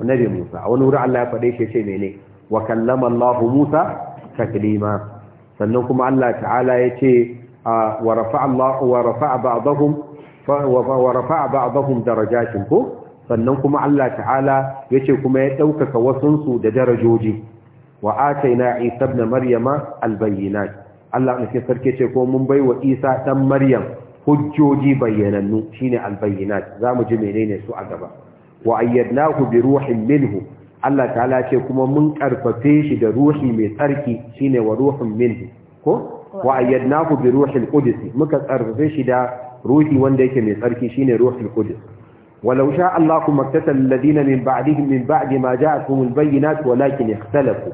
annabi Musa a wani wuri Allah ya faɗe shi ce mene wa kallama Allah Musa taklima sannan kuma Allah ta'ala ya ce wa rafa'a Allah wa rafa'a ba'dahum wa rafa'a ba'dahum darajatin ko sannan kuma Allah ta'ala ya ce kuma ya ɗaukaka wasunsu da darajoji wa ataina Isa ibn Maryama al-bayyinat Allah ne sarki ce ko mun bai wa Isa dan Maryam hujjoji bayyanannu shine albayyinat zamu ji menene su a gaba wa ayyadnahu bi ruhin minhu Allah ta'ala ce kuma mun karfafe shi da ruhi mai tsarki shine wa ruhun minhu ko wa ayyadnahu bi ruhil qudus muka karfafe shi da ruhi wanda yake mai tsarki shine ruhul qudus ولو شاء الله ما الذين من بعدهم من بعد ما جاءتهم البينات ولكن اختلفوا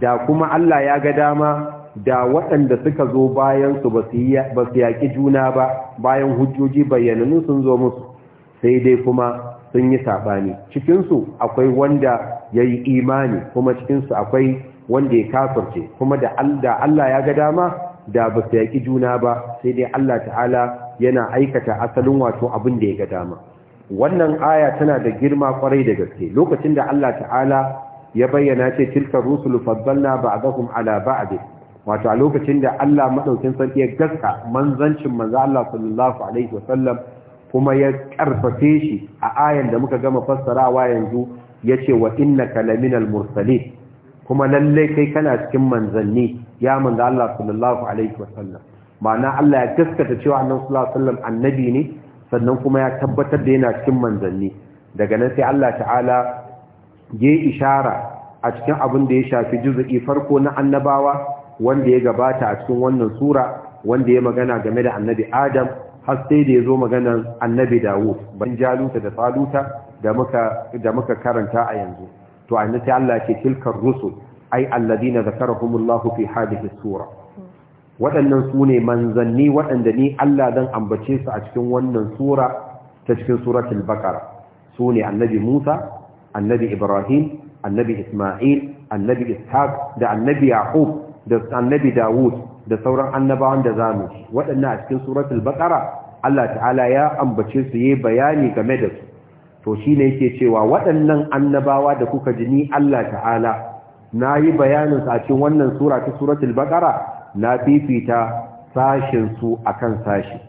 da kuma Allah ya ga dama da waɗanda suka zo bayan su ba su yaƙi juna ba bayan hujjoji bayyananu sun zo musu sai dai kuma sun yi saɓani cikinsu akwai wanda ya yi imani kuma cikinsu akwai wanda ya kafirce kuma da Allah ya ga dama da ba su yaƙi juna ba sai dai Allah ta'ala yana aikata asalin wato abin da ya ga dama wannan aya tana da girma kwarai da gaske lokacin da Allah ta'ala ya bayyana ce tilka rusulu faddalna ba'dahum ala ba'd wato a lokacin da Allah madaukin sarki ya gaska manzancin manzo Allah sallallahu alaihi wasallam kuma ya karfafe shi a ayan da muka gama fassarawa yanzu yace wa innaka laminal mursalin kuma lalle kai kana cikin manzanni ya manzo Allah sallallahu alaihi wasallam ma'ana Allah ya gaskata cewa annabi sallallahu alaihi wasallam annabi ne sannan kuma ya tabbatar da yana cikin manzanni daga nan sai Allah ta'ala ya ishara a cikin abin da ya shafi juz'i farko na annabawa wanda ya gabata a cikin wannan sura wanda ya magana game da annabi adam har sai da ya zo maganan annabi dawud ban jaluta da saluta da muka da muka karanta a yanzu to annabi Allah ke tilkar rusul ai alladina zakarahumullahu fi hadhihi sura waɗannan su ne manzanni waɗanda ni Allah zan ambace su a cikin wannan sura ta cikin suratul baqara su ne annabi Musa annabi Ibrahim annabi Isma'il annabi Ishaq da annabi Yaqub da annabi Dawud da sauran annabawan da zamu waɗannan a cikin suratul baqara Allah ta'ala ya ambace su yayi bayani game da su to shine yake cewa waɗannan annabawa da kuka ji ni Allah ta'ala nayi bayanin su a cikin wannan sura ta suratul baqara na fifita sashin su akan sashi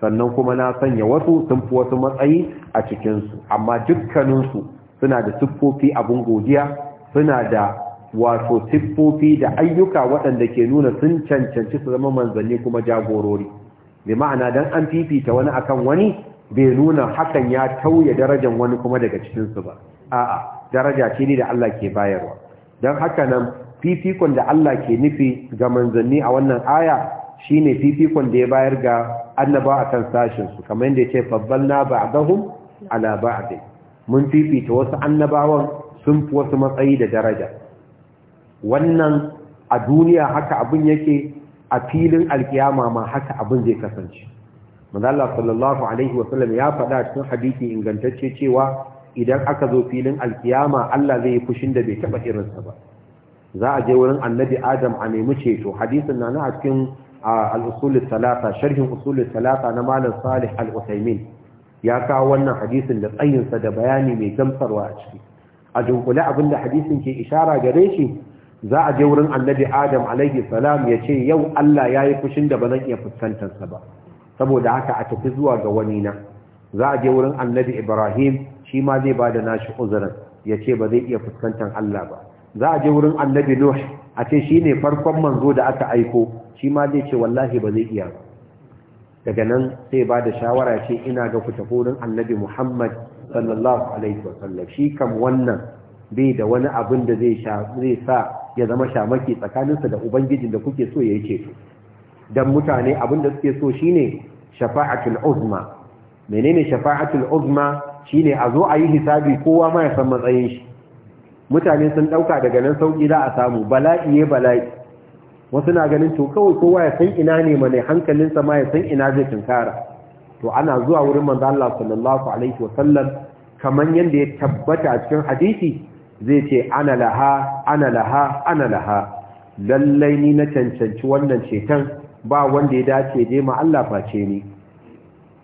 sannan kuma na sanya wasu sun fi wasu matsayi a cikin su amma dukkanin su suna da siffofi abun godiya suna da wato siffofi da ayyuka waɗanda ke nuna sun cancanci su zama manzanni kuma jagorori bi ma'ana dan an fifita wani akan wani bai nuna hakan ya tauye darajar wani kuma daga cikinsu ba a'a daraja ce ne da Allah ke bayarwa don haka nan fifikon da Allah ke nufi ga manzanni a wannan aya shine fifikon da ya bayar ga annaba kan sashin su kamar yadda yace fabbalna ba'dahum ala ba'd mun fifita wasu annabawan sun fi wasu matsayi da daraja wannan a duniya haka abin yake a filin alkiyama ma haka abin zai kasance manzala sallallahu alaihi wasallam ya faɗa cikin hadisi ingantacce cewa idan aka zo filin alkiyama Allah zai yi fushin da bai taɓa irinsa ba za a je wurin annabi adam a nemi ceto hadisin na na a cikin al'usulun talata sharhin Usulis talata na malam salih al'utaimin ya kawo wannan hadisin da tsayinsa da bayani mai gamsarwa a ciki a dunkule da hadisin ke ishara gare shi za a je wurin annabi adam alaihi salam ya ce yau Allah ya yi fushin da ba zan iya fuskantarsa ba saboda haka a tafi zuwa ga wani na za a je wurin annabi ibrahim shi ma zai ba da nashi uzurin ya ce ba zai iya fuskantar Allah ba za a je wurin annabi nuh a ce shi ne farkon manzo da aka aiko shi ma zai ce wallahi ba zai iya ba daga nan sai ba da shawara ce ina ga ku tafi wurin annabi muhammad sallallahu alaihi wasallam shi kam wannan bai da wani abin da zai sa ya zama shamaki tsakaninsa da ubangijin da kuke so ya yi ceto don mutane abin da suke so shi shine shafa'atul uzma menene shafa'atul uzma ne a zo a yi hisabi kowa ma ya matsayin shi mutane sun ɗauka daga nan sauƙi za a samu bala'i ya bala'i wasu na ganin to kawai kowa ya san ina ne mane hankalinsa ma ya san ina zai tunkara to ana zuwa wurin manzo Allah sallallahu alaihi wasallam kaman yanda ya tabbata a cikin hadisi zai ce ana laha ana laha ana laha lallai ni na cancanci wannan ceton ba wanda ya dace je ma Allah face ni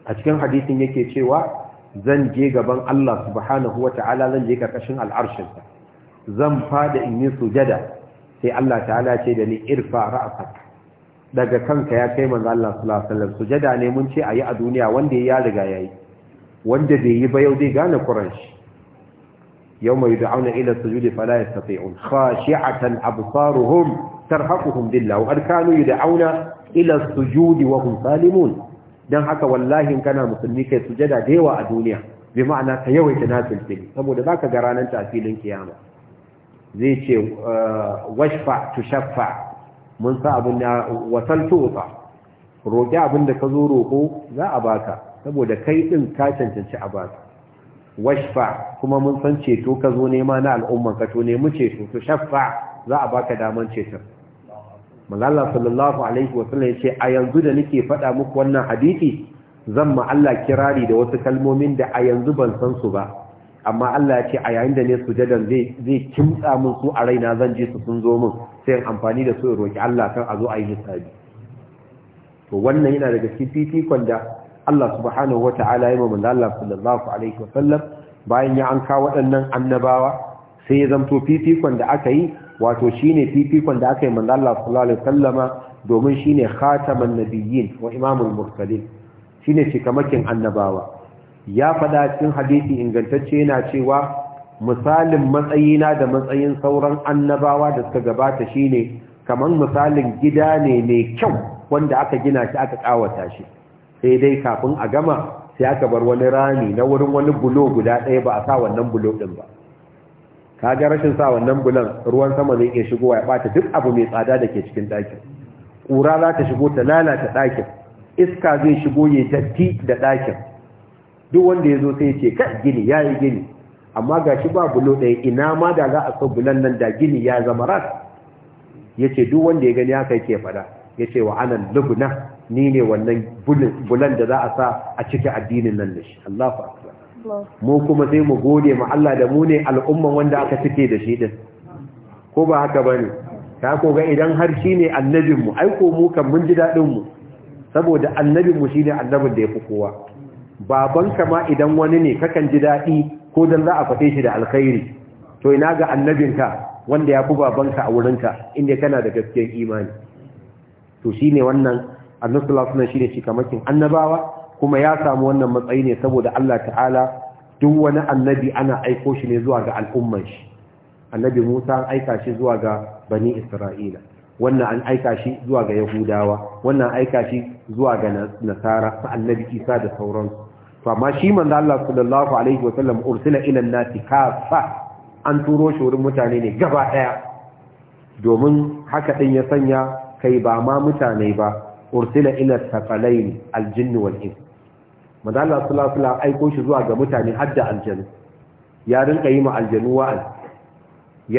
a cikin hadisin yake cewa zan je gaban Allah subhanahu wata'ala zan je karkashin al'arshin zan fada in yi sujada sai Allah ta'ala ce da ni irfa ra'sak daga kanka ya kai manzo Allah sallallahu alaihi wasallam sujada ne mun ce ayi a duniya wanda ya riga yayi wanda bai yi ba yau zai gane shi يوم يدعون إلى السجود فلا يستطيعون خاشعة أبصارهم ترهقهم ذلة وقد كانوا يدعون إلى السجود وهم سالمون dan haka wallahi kana musulmi kai sujada da yawa a duniya bi ma'ana ka yawaita nafil fili saboda baka ga ranar ta filin kiyama zai ce washfa tushaffa mun sa abin da wasal tuta roƙi abin da ka zo roƙo za a baka saboda kai din ka cancanci a baka washfa kuma mun san ceto ka zo nema na al'umman ka to nemi ceto to shaffa za a baka daman ceton manzala sallallahu alaihi wa ya ce a yanzu da nake faɗa muku wannan hadisi zan ma Allah kirari da wasu kalmomin da a yanzu ban san su ba amma Allah ya ce a yayin da ne sujadan zai zai kimtsa min su a raina zan ji su sun zo min sai amfani da su roki Allah kan a zo a yi hisabi to wannan yana daga cikin fifikon da Allah subhanahu wa ta'ala ya mamman Allah sallallahu alaihi wa bayan ya an kawo waɗannan annabawa sai ya zamto fifikon da aka yi wato shine fifikon da aka yi manzo Allah sallallahu alaihi wa domin shine khataman nabiyyin wa imamul mursalin shine cikamakin annabawa ya faɗa cikin hadisi ingantacce yana cewa misalin matsayina da matsayin sauran annabawa da suka gabata shine kamar misalin gida ne mai kyau wanda aka gina shi aka kawata shi sai dai kafin a gama sai aka bar wani rami na wurin wani bulo guda ɗaya ba a sa wannan bulo ɗin ba Ka ga rashin sa wannan bulon ruwan sama zai iya shigo ya bata duk abu mai tsada da ke cikin ɗakin ƙura za ta shigo ta lalata ɗakin iska zai shigo ya datti da ɗakin duk wanda ya zo sai ce ka gini ya yi gini amma ga shi ba bulo ɗaya ina ma da za a so bulon nan da gini ya zama ras ya ce duk wanda ya gani haka yake faɗa ya ce wa anan lubna ni ne wannan bulan da za a sa a cikin addinin nan da shi Allahu akbar mu kuma sai mu gode ma Allah da mu ne al'umman wanda aka cike da shi din ko ba haka bane Ka ko ga idan har shi ne annabin mu ai ko mu kan mun ji dadin mu saboda annabin mu shine annabin da ya fi kowa baban ka ma idan wani ne kakan ji dadi ko dan za a faɗe shi da alkhairi to ina ga annabinka wanda ya fi babanka a wurinka inda kana da gaskiyar imani to shine wannan annabi sallallahu alaihi wasallam shine shikamakin annabawa kuma ya samu wannan matsayi ne saboda Allah ta'ala duk wani annabi ana aiko shi ne zuwa ga al'umman shi annabi Musa an aika shi zuwa ga bani Isra'ila wannan an aika shi zuwa ga Yahudawa wannan aika shi zuwa ga Nasara fa annabi Isa da sauran to amma shi manzo Allah sallallahu alaihi wasallam ursila ila an kafa an turo shi wurin mutane ne gaba daya domin haka din ya sanya kai ba ma mutane ba ursila ila thaqalain aljinn wal ins manzo Allah sallallahu alaihi wasallam aiko shi zuwa ga mutane hadda aljanu ya rinka yi ma aljanu wa'azi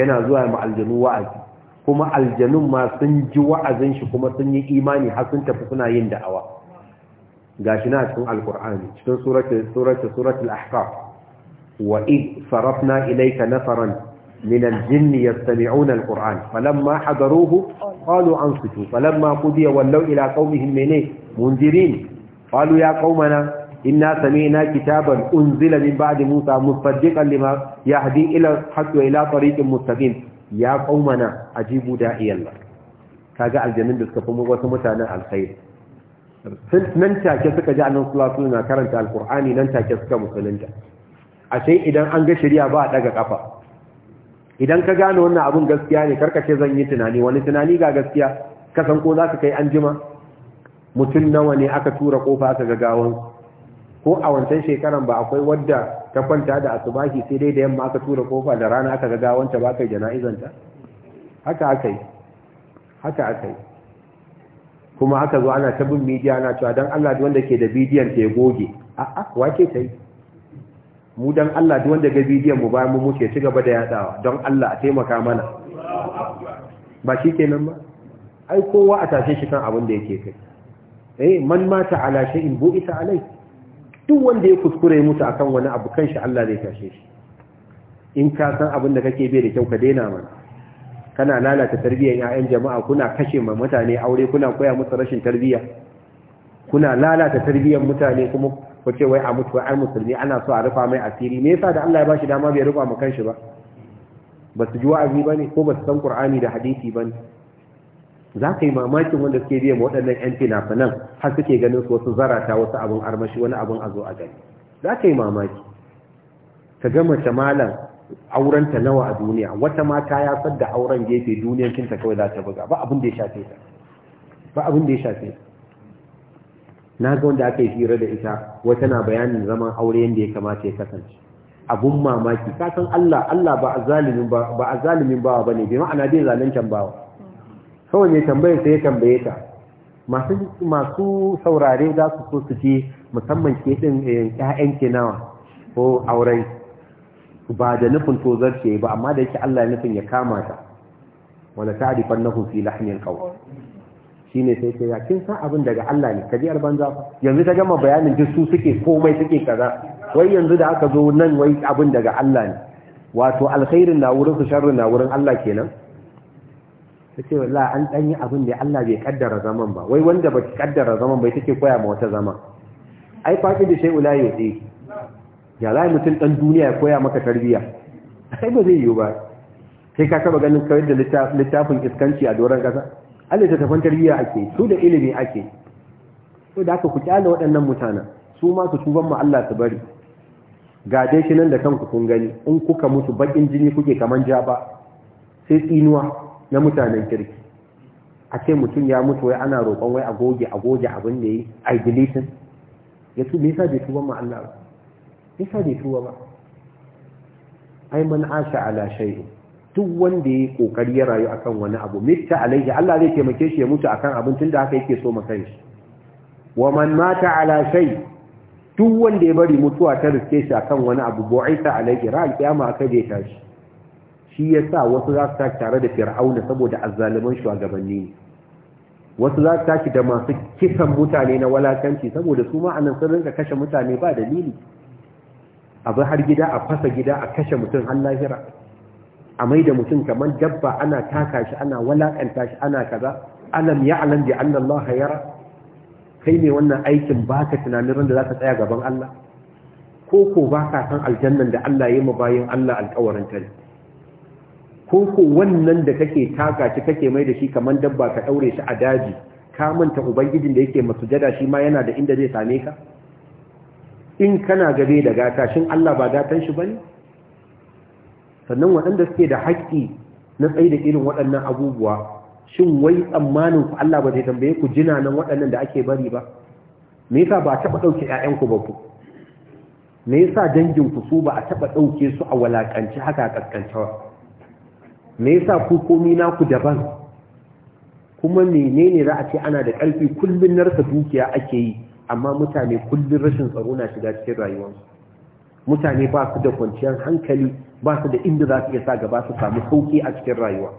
yana zuwa ma aljanu wa'azi kuma aljanun ma sun ji wa'azin shi kuma sun yi imani har sun tafi suna yin da'awa gashi na cikin alqur'ani cikin suratul suratul suratul ahqaf wa id sarafna ilayka nafaran من الجن يستمعون القرآن فلما حضروه قالوا أنصتوا فلما قضي ولوا إلى قومهم منه منذرين قالوا يا قومنا إنا سمعنا كتابا أنزل من بعد موسى مصدقا لما يهدي إلى الحق وإلى طريق مستقيم يا قومنا أجيبوا داعي الله كاجا الجنين بسكفهم وسمتنا الخير nan take suka ji annabi sallallahu alaihi wasallam karanta alqur'ani nan take suka musulunta ashe idan an ga shari'a ba a daga kafa idan ka gane wannan abun gaskiya ne karkace zan yi tunani wani tunani ga gaskiya kasan ko za ka kai an jima mutum nawa ne aka tura kofa aka gagawan ko a wancan shekaran ba akwai wadda ta kwanta da asubahi sai dai da yamma aka tura kofa da rana aka ta ba kai jana'izanta haka aka yi haka aka yi kuma aka zo ana ta bin midiya na cewa dan Allah wanda ke da bidiyon ta ya goge a'a wace ta yi mu dan Allah duk wanda ga bidiyon mu bayan mu muke ci gaba da yadawa don Allah a taimaka mana ba shi kenan ba ai kowa a tashe shi kan abin da yake kai eh man mata ala shay'in bu'ita alai duk wanda ya kuskure mutu akan wani abu kan shi Allah zai tashe shi in ka san abin da kake bai da kyau ka daina mana kana lalata tarbiyyar 'ya'yan jama'a kuna kashe mai mutane aure kuna koya musu rashin tarbiyya kuna lalata tarbiyyar mutane kuma ko ce wai a mutu wai ai musulmi ana so a rufa mai asiri me yasa da Allah ya bashi dama bai rufa mu kanshi ba ba su ji wa'azi bane ko ba su san Qur'ani da hadisi bane za ka yi mamakin wanda suke biya waɗannan 'yan fina-finan har suke ganin su wasu zarata wasu abin armashi wani abin a zo a gani za ka yi mamaki ka gama malam aurenta nawa a duniya wata mata ya sadda auren gefe duniyar kinta kawai za ta buga ba abin da ya shafe ta ba abin da ya shafe ta na ga wanda aka yi hira da ita wata na bayanin zaman aure yadda ya kamata ya kasance abun mamaki ka san Allah Allah ba azalimin ba ba azalimin bawa bane bi ma'ana dai bawa kawai ne tambayar sai ya tambaye ta masu saurare za su so su ji musamman ke din eh, ƴaƴan ke nawa ko auren ba da nufin tozar ce ba amma da yake Allah ya nufin ya kama ta wala ta'rifannahu fi lahnil qawl Shi ne sai ce ya kin san abin daga Allah ne kaji albanza yanzu ta gama bayanin duk su suke komai suke kaza wai yanzu da aka zo nan wai abin daga Allah ne wato alkhairin na wurin su sharrin na wurin Allah kenan ta ce an danyi abin da Allah bai kaddara zaman ba wai wanda ba kaddara zaman bai take koya ma wata zama ai faki da shai ula yau ɗi ya lai mutum ɗan duniya ya koya maka tarbiya sai ba zai yiwu ba sai ka saba ganin kawai da littafin iskanci a doron kasa. Allah ta tarbiyya ake su da ilimi ake su da aka ku kyale waɗannan mutanen su ma su tuban ma'alla Allah su bari ga dai shi nan da kanku kun gani in kuka mutu baƙin jini kuke kaman ba sai tsinuwa na mutanen kirki a ce mutum ya mutu wai ana roƙon wai a goge a goge abin da yi ai ya su me bai tuba ma Allah ba me bai tuba ba ai man asha ala shay'in duk wanda ya kokari ya rayu akan wani abu mita alaihi Allah zai taimake shi ya mutu akan abincin da haka yake so ma shi wa man mata ala shay duk wanda ya bari mutuwa ta riske shi akan wani abu bu'ita alaihi ra'al kiyama aka je tashi shi yasa wasu za su tashi tare da fir'auna saboda azzaliman shugabanni wasu za su tashi da masu kisan mutane na walakanci saboda su ma anan sun rinka kashe mutane ba dalili abu har gida a fasa gida a kashe mutum har lahira a mai da mutum kamar dabba ana taka shi ana walakanta shi ana kaza alam ya'lam bi anna Allah yara kai ne wannan aikin baka tunanin ran da zaka tsaya gaban Allah ko ko baka san aljannan da Allah ya bayan Allah alƙawarin ta ko ko wannan da kake taka shi kake mai da shi kamar dabba ka daure shi a daji ka manta ubangijin da yake masujada shi ma yana da inda zai same ka in kana gabe da gata shin Allah ba gatan shi bane sannan waɗanda suke da haƙƙi na tsaye da irin waɗannan abubuwa shin wai tsammanin ku Allah ba zai tambaye ku jina nan waɗannan da ake bari ba me yasa ba a taɓa ɗauke ƴaƴanku ba ku me yasa dangin ku su ba a taɓa ɗauke su a walakanci haka a ba me yasa ku komi naku daban kuma menene za a ce ana da ƙarfi kullun narka dukiya ake yi amma mutane kullum rashin tsaro na shiga cikin rayuwarsu mutane ba su da kwanciyar hankali ba su da inda za su iya sa gaba su samu sauki a cikin rayuwa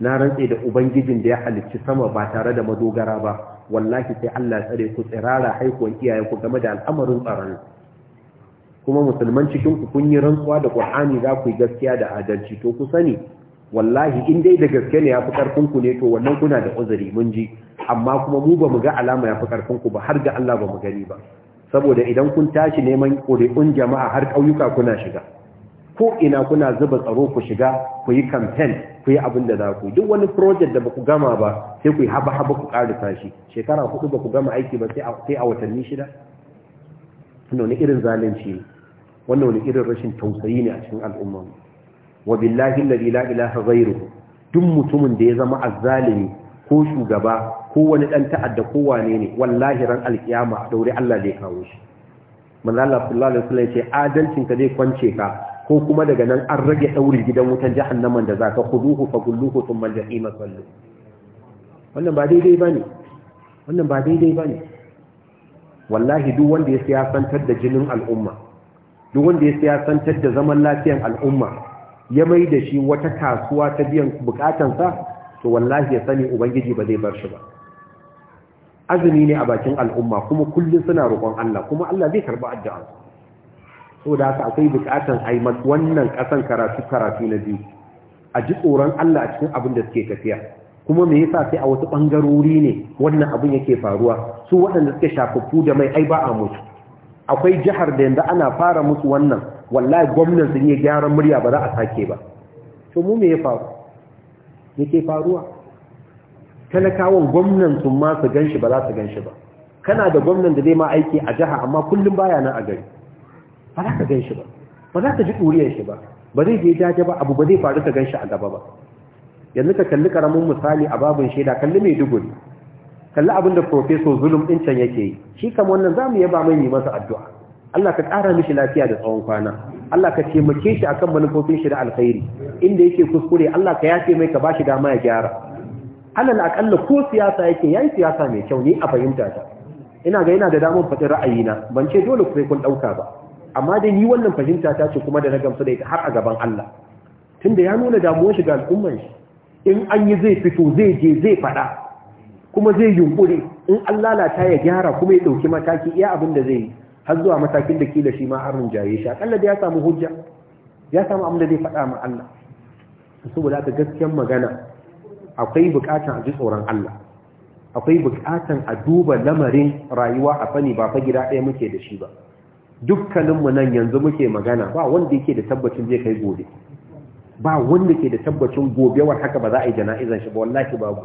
na rantse da ubangijin da ya halicci sama ba tare da madogara ba wallahi sai Allah tsare ku tsirara haihuwan iyaye ku game da al'amarin tsaron kuma musulman cikin ku kun yi rantsuwa da Qur'ani za ku yi gaskiya da adalci to ku sani wallahi in dai da gaske ne yafi karfin ku ne to wannan kuna da uzuri mun ji amma kuma mu ba mu ga alama yafi karfin ku ba har ga Allah ba mu gani ba saboda idan kun tashi neman ƙuri'un jama'a har ƙauyuka kuna shiga ko ina kuna zuba tsaro ku shiga ku yi kamfen ku yi abin da za ku duk wani project da ba ku gama ba sai ku yi haba haba ku ƙarisa shi shekara hudu ba ku gama aiki ba sai a watanni shida wannan wani irin zalunci wannan wani irin rashin tausayi ne a cikin al'umma wa billahi la ilaha duk mutumin da ya zama azzalimi ko shugaba ko wani dan ta'adda ko wane ne wallahi ran alkiyama a daure Allah zai kawo shi manzo Allah sallallahu alaihi wasallam ce adalcin ka zai kwance ka ko kuma daga nan an rage daurin gidan wutan jahannaman da zaka khuduhu fa kulluhu thumma jahima sallu wannan ba daidai bane wannan ba daidai bane wallahi duk wanda ya siyasantar da jinin al'umma duk wanda ya siyasantar da zaman lafiyar al'umma ya mai da shi wata kasuwa ta biyan bukatansa to wallahi ya sani ubangiji ba zai bar shi ba azumi ne a bakin al'umma kuma kullum suna roƙon Allah kuma Allah zai karɓi addu'a da haka akwai buƙatar ai wannan ƙasan karatu karatu na biyu a ji tsoron Allah a cikin abin da suke tafiya kuma me yasa sai a wasu bangarori ne wannan abin yake faruwa su waɗanda suke shafaffu da mai ai ba a mutu akwai jihar da yanzu ana fara musu wannan wallahi gwamnan sun yi gyaran murya ba za a sake ba to mu me ya faru yake faruwa talakawan gwamnan sun ma su gan shi ba za su gan shi ba kana da gwamnan da zai ma aiki a jiha amma kullum baya nan a gari ba za ka gan shi ba ba za ka ji ɗuriyar shi ba ba zai je jaje ba abu ba zai faru ka gan shi a gaba ba yanzu ka kalli karamin misali a babin shaida kalli mai duguri kalli abin da profeso zulum ɗin can yake yi shi kam wannan za mu yaba mai yi masa addu'a Allah ka ƙara mishi lafiya da tsawon kwana Allah ka taimake shi akan manufofin shi da alkhairi inda yake kuskure Allah ka yafe mai ka bashi dama ya gyara alal akalla ko siyasa yake yayi siyasa mai kyau ne a fahimta ta ina ga yana da damar faɗin ra'ayina ban ce dole ku kun ɗauka ba amma dai ni wannan fahimta ta ce kuma da na gamsu da ita har a gaban Allah tunda ya nuna damuwar shi ga al'umman shi in an yi zai fito zai je zai faɗa kuma zai yunkuri in an lalata ya gyara kuma ya ɗauki mataki iya abin da zai yi har zuwa matakin da kila shi ma mun jaye shi akalla da ya samu hujja ya samu abin da zai faɗa ma Allah saboda ta gaskiyar magana akwai bukatan a ji tsoron Allah akwai bukatan a duba lamarin rayuwa a fani ba fa gida ɗaya muke da shi ba dukkaninmu nan yanzu muke magana ba wanda yake da tabbacin zai kai gobe ba wanda ke da tabbacin gobewar haka ba za a yi jana'izan shi ba wallahi babu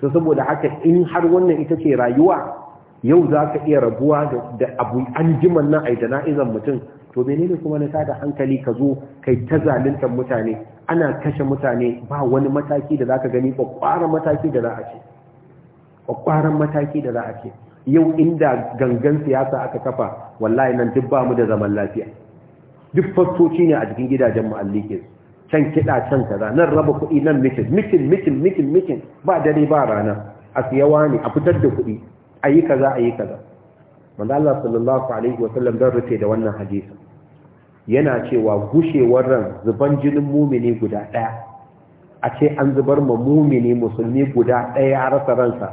to saboda haka in har wannan ita ce rayuwa yau za ka iya rabuwa da abu an jiman nan a yi jana'izan mutum to menene kuma na tada hankali ka zo kai ta zaluntar mutane ana kashe mutane ba wani mataki da za ka gani ƙwaƙwaran mataki da za a ce ƙwaƙwaran mataki da za a ce yau inda gangan siyasa aka kafa wallahi nan duk ba mu da zaman lafiya duk fastoci ne a cikin gidajen ke, can kiɗa can kaza nan raba kuɗi nan mikin-mikin-mikin, mikin mikin ba dare ba rana a siyawa ne a fitar da kuɗi a yi kaza a yi kaza manzo Allah alaihi wa sallam dan rufe da wannan hadisi yana cewa gushewar ran zuban jinin mumini guda ɗaya a ce an zubar ma mumini musulmi guda ɗaya ya rasa ransa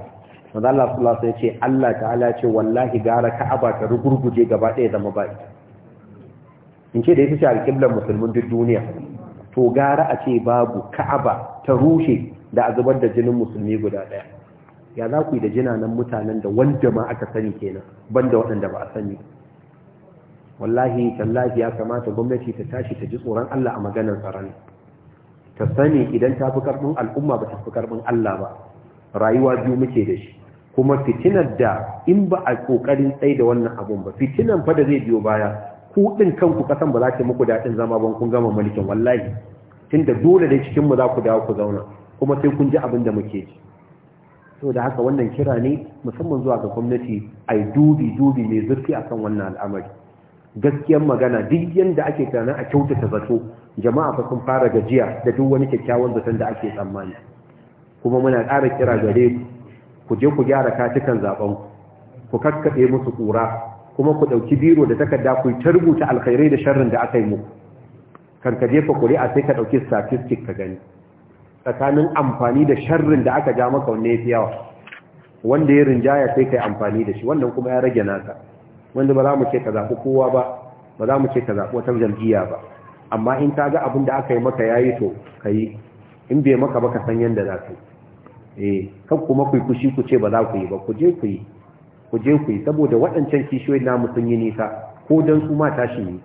wanda Allah ya ce Allah ta'ala ce wallahi gara ka'aba ta rugurguje gaba ɗaya zama ba in ce da fi ce alƙiblar musulmin duk duniya to gara a ce babu ka'aba ta rushe da a zubar da jinin musulmi guda ɗaya ya za ku yi da jinanan mutanen da wanda ma aka sani kenan banda waɗanda ba a sani wallahi tallafi ya kamata gwamnati ta tashi ta ji tsoron Allah a maganar tsaron ta sani idan ta fi karɓin al'umma ba ta fi karɓin Allah ba rayuwa biyu muke da shi kuma fitinar da in ba a ƙoƙarin tsaye da wannan abun ba fitinan fa da zai biyo baya ku ɗin kanku kasan ba za ta muku daɗin zama ban kun gama mulkin wallahi tunda dole da cikin mu za ku dawo ku zauna kuma sai kun ji abin da muke ji saboda haka wannan kira ne musamman zuwa ga gwamnati ai dubi dubi mai zurfi akan wannan al'amari gaskiyar magana duk yanda ake tunanin a kyautata zato jama'a fa sun fara gajiya da duk wani kyakkyawan zaton da ake tsammani kuma muna ƙara kira gare ku ku je ku gyara katikan zaben ku kakkaɓe musu ƙura kuma ku ɗauki biro da takarda ku ta rubuta alkhairai da sharrin da aka yi muku kan ka jefa kuri'a sai ka ɗauki statistic ka gani tsakanin amfani da sharrin da aka ja maka wanne ya fi yawa wanda ya rinjaya sai ka yi amfani da shi wannan kuma ya rage nasa. wanda ba za mu ce ka zaɓi kowa ba ba za mu ce ka zaɓi wata jam'iyya ba amma in ta ga abin da aka yi maka ya yi to ka yi in bai maka ba ka san yadda za ka yi eh, kan kuma ku yi kushi ku ce ba za ku yi ba ku je ku yi ku je ku yi saboda waɗancan kishiyoyi namu sun yi nisa ko don su ma tashi ne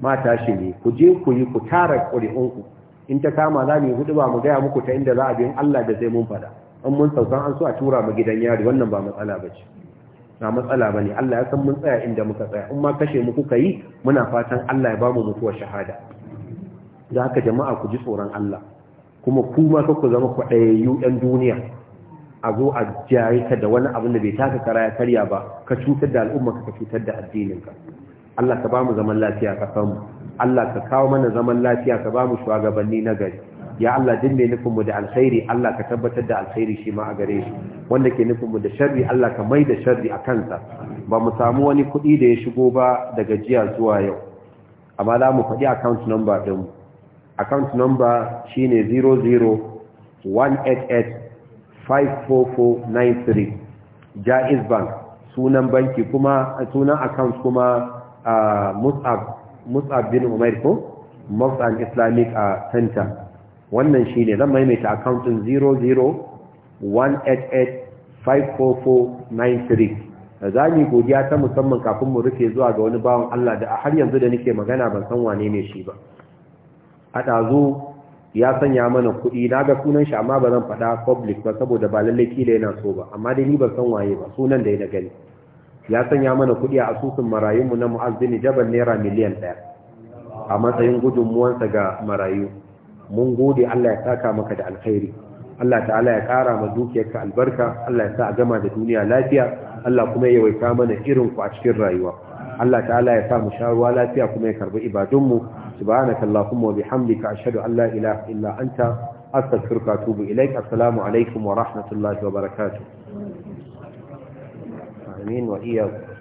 ma ne ku je ku yi ku tara ƙuri'unku in ta kama za mu yi hudu ba mu gaya muku ta inda za a bi in Allah da zai mun faɗa in mun sauka an so a tura mu gidan yari wannan ba matsala ba ce ba matsala bane Allah ya san mun tsaya inda muka tsaya in ma kashe mu kuka yi muna fatan Allah ya ba mu mutuwar shahada da haka jama'a ku ji tsoron Allah kuma ku ma ku zama kwaɗayayyu ɗan duniya a zo a jaye ka da wani abin da bai taka kara ya karya ba ka cutar da al'umma ka cutar da addininka Allah ka ba mu zaman lafiya ka samu Allah ka kawo mana zaman lafiya ka ba mu shugabanni na gari ya Allah din mai nufin da alkhairi Allah ka tabbatar da alkhairi shi ma a gare shi wanda ke nufinmu da sharri Allah ka mai da sharri a kansa ba mu samu wani kuɗi da ya shigo ba daga jiya zuwa yau amma za mu faɗi account number ɗin account number shine 0018854493 jaiz bank sunan banki kuma sunan account kuma ah, mus'ab mus'ab bin umair ko Mosque and Islamic ah, Center wannan shi ne zan maimaita akauntin 0018854493 da za mu godiya ta musamman kafin mu rufe zuwa ga wani bawan Allah da a har yanzu da nake magana ban san wane ne shi ba a ɗazu ya sanya mana kuɗi na ga sunan shi amma ba zan faɗa public ba saboda ba lallai kila yana so ba amma dai ni ban san waye ba sunan da ya gani ya sanya mana kuɗi a asusun marayunmu na mu'azzini jabal naira miliyan ɗaya a matsayin gudunmuwansa ga marayu mun gode Allah ya saka maka da alkhairi Allah ta'ala ya kara ma dukiyarka albarka Allah ya sa a gama da duniya lafiya Allah kuma ya waita mana irin ku a cikin rayuwa Allah ta'ala ya sa mu sha ruwa lafiya kuma ya karbi ibadunmu subhanakallahumma wa bihamdika ashhadu an la ilaha illa anta astaghfiruka wa atubu ilaik assalamu alaikum wa rahmatullahi wa barakatuh آمين وإياكم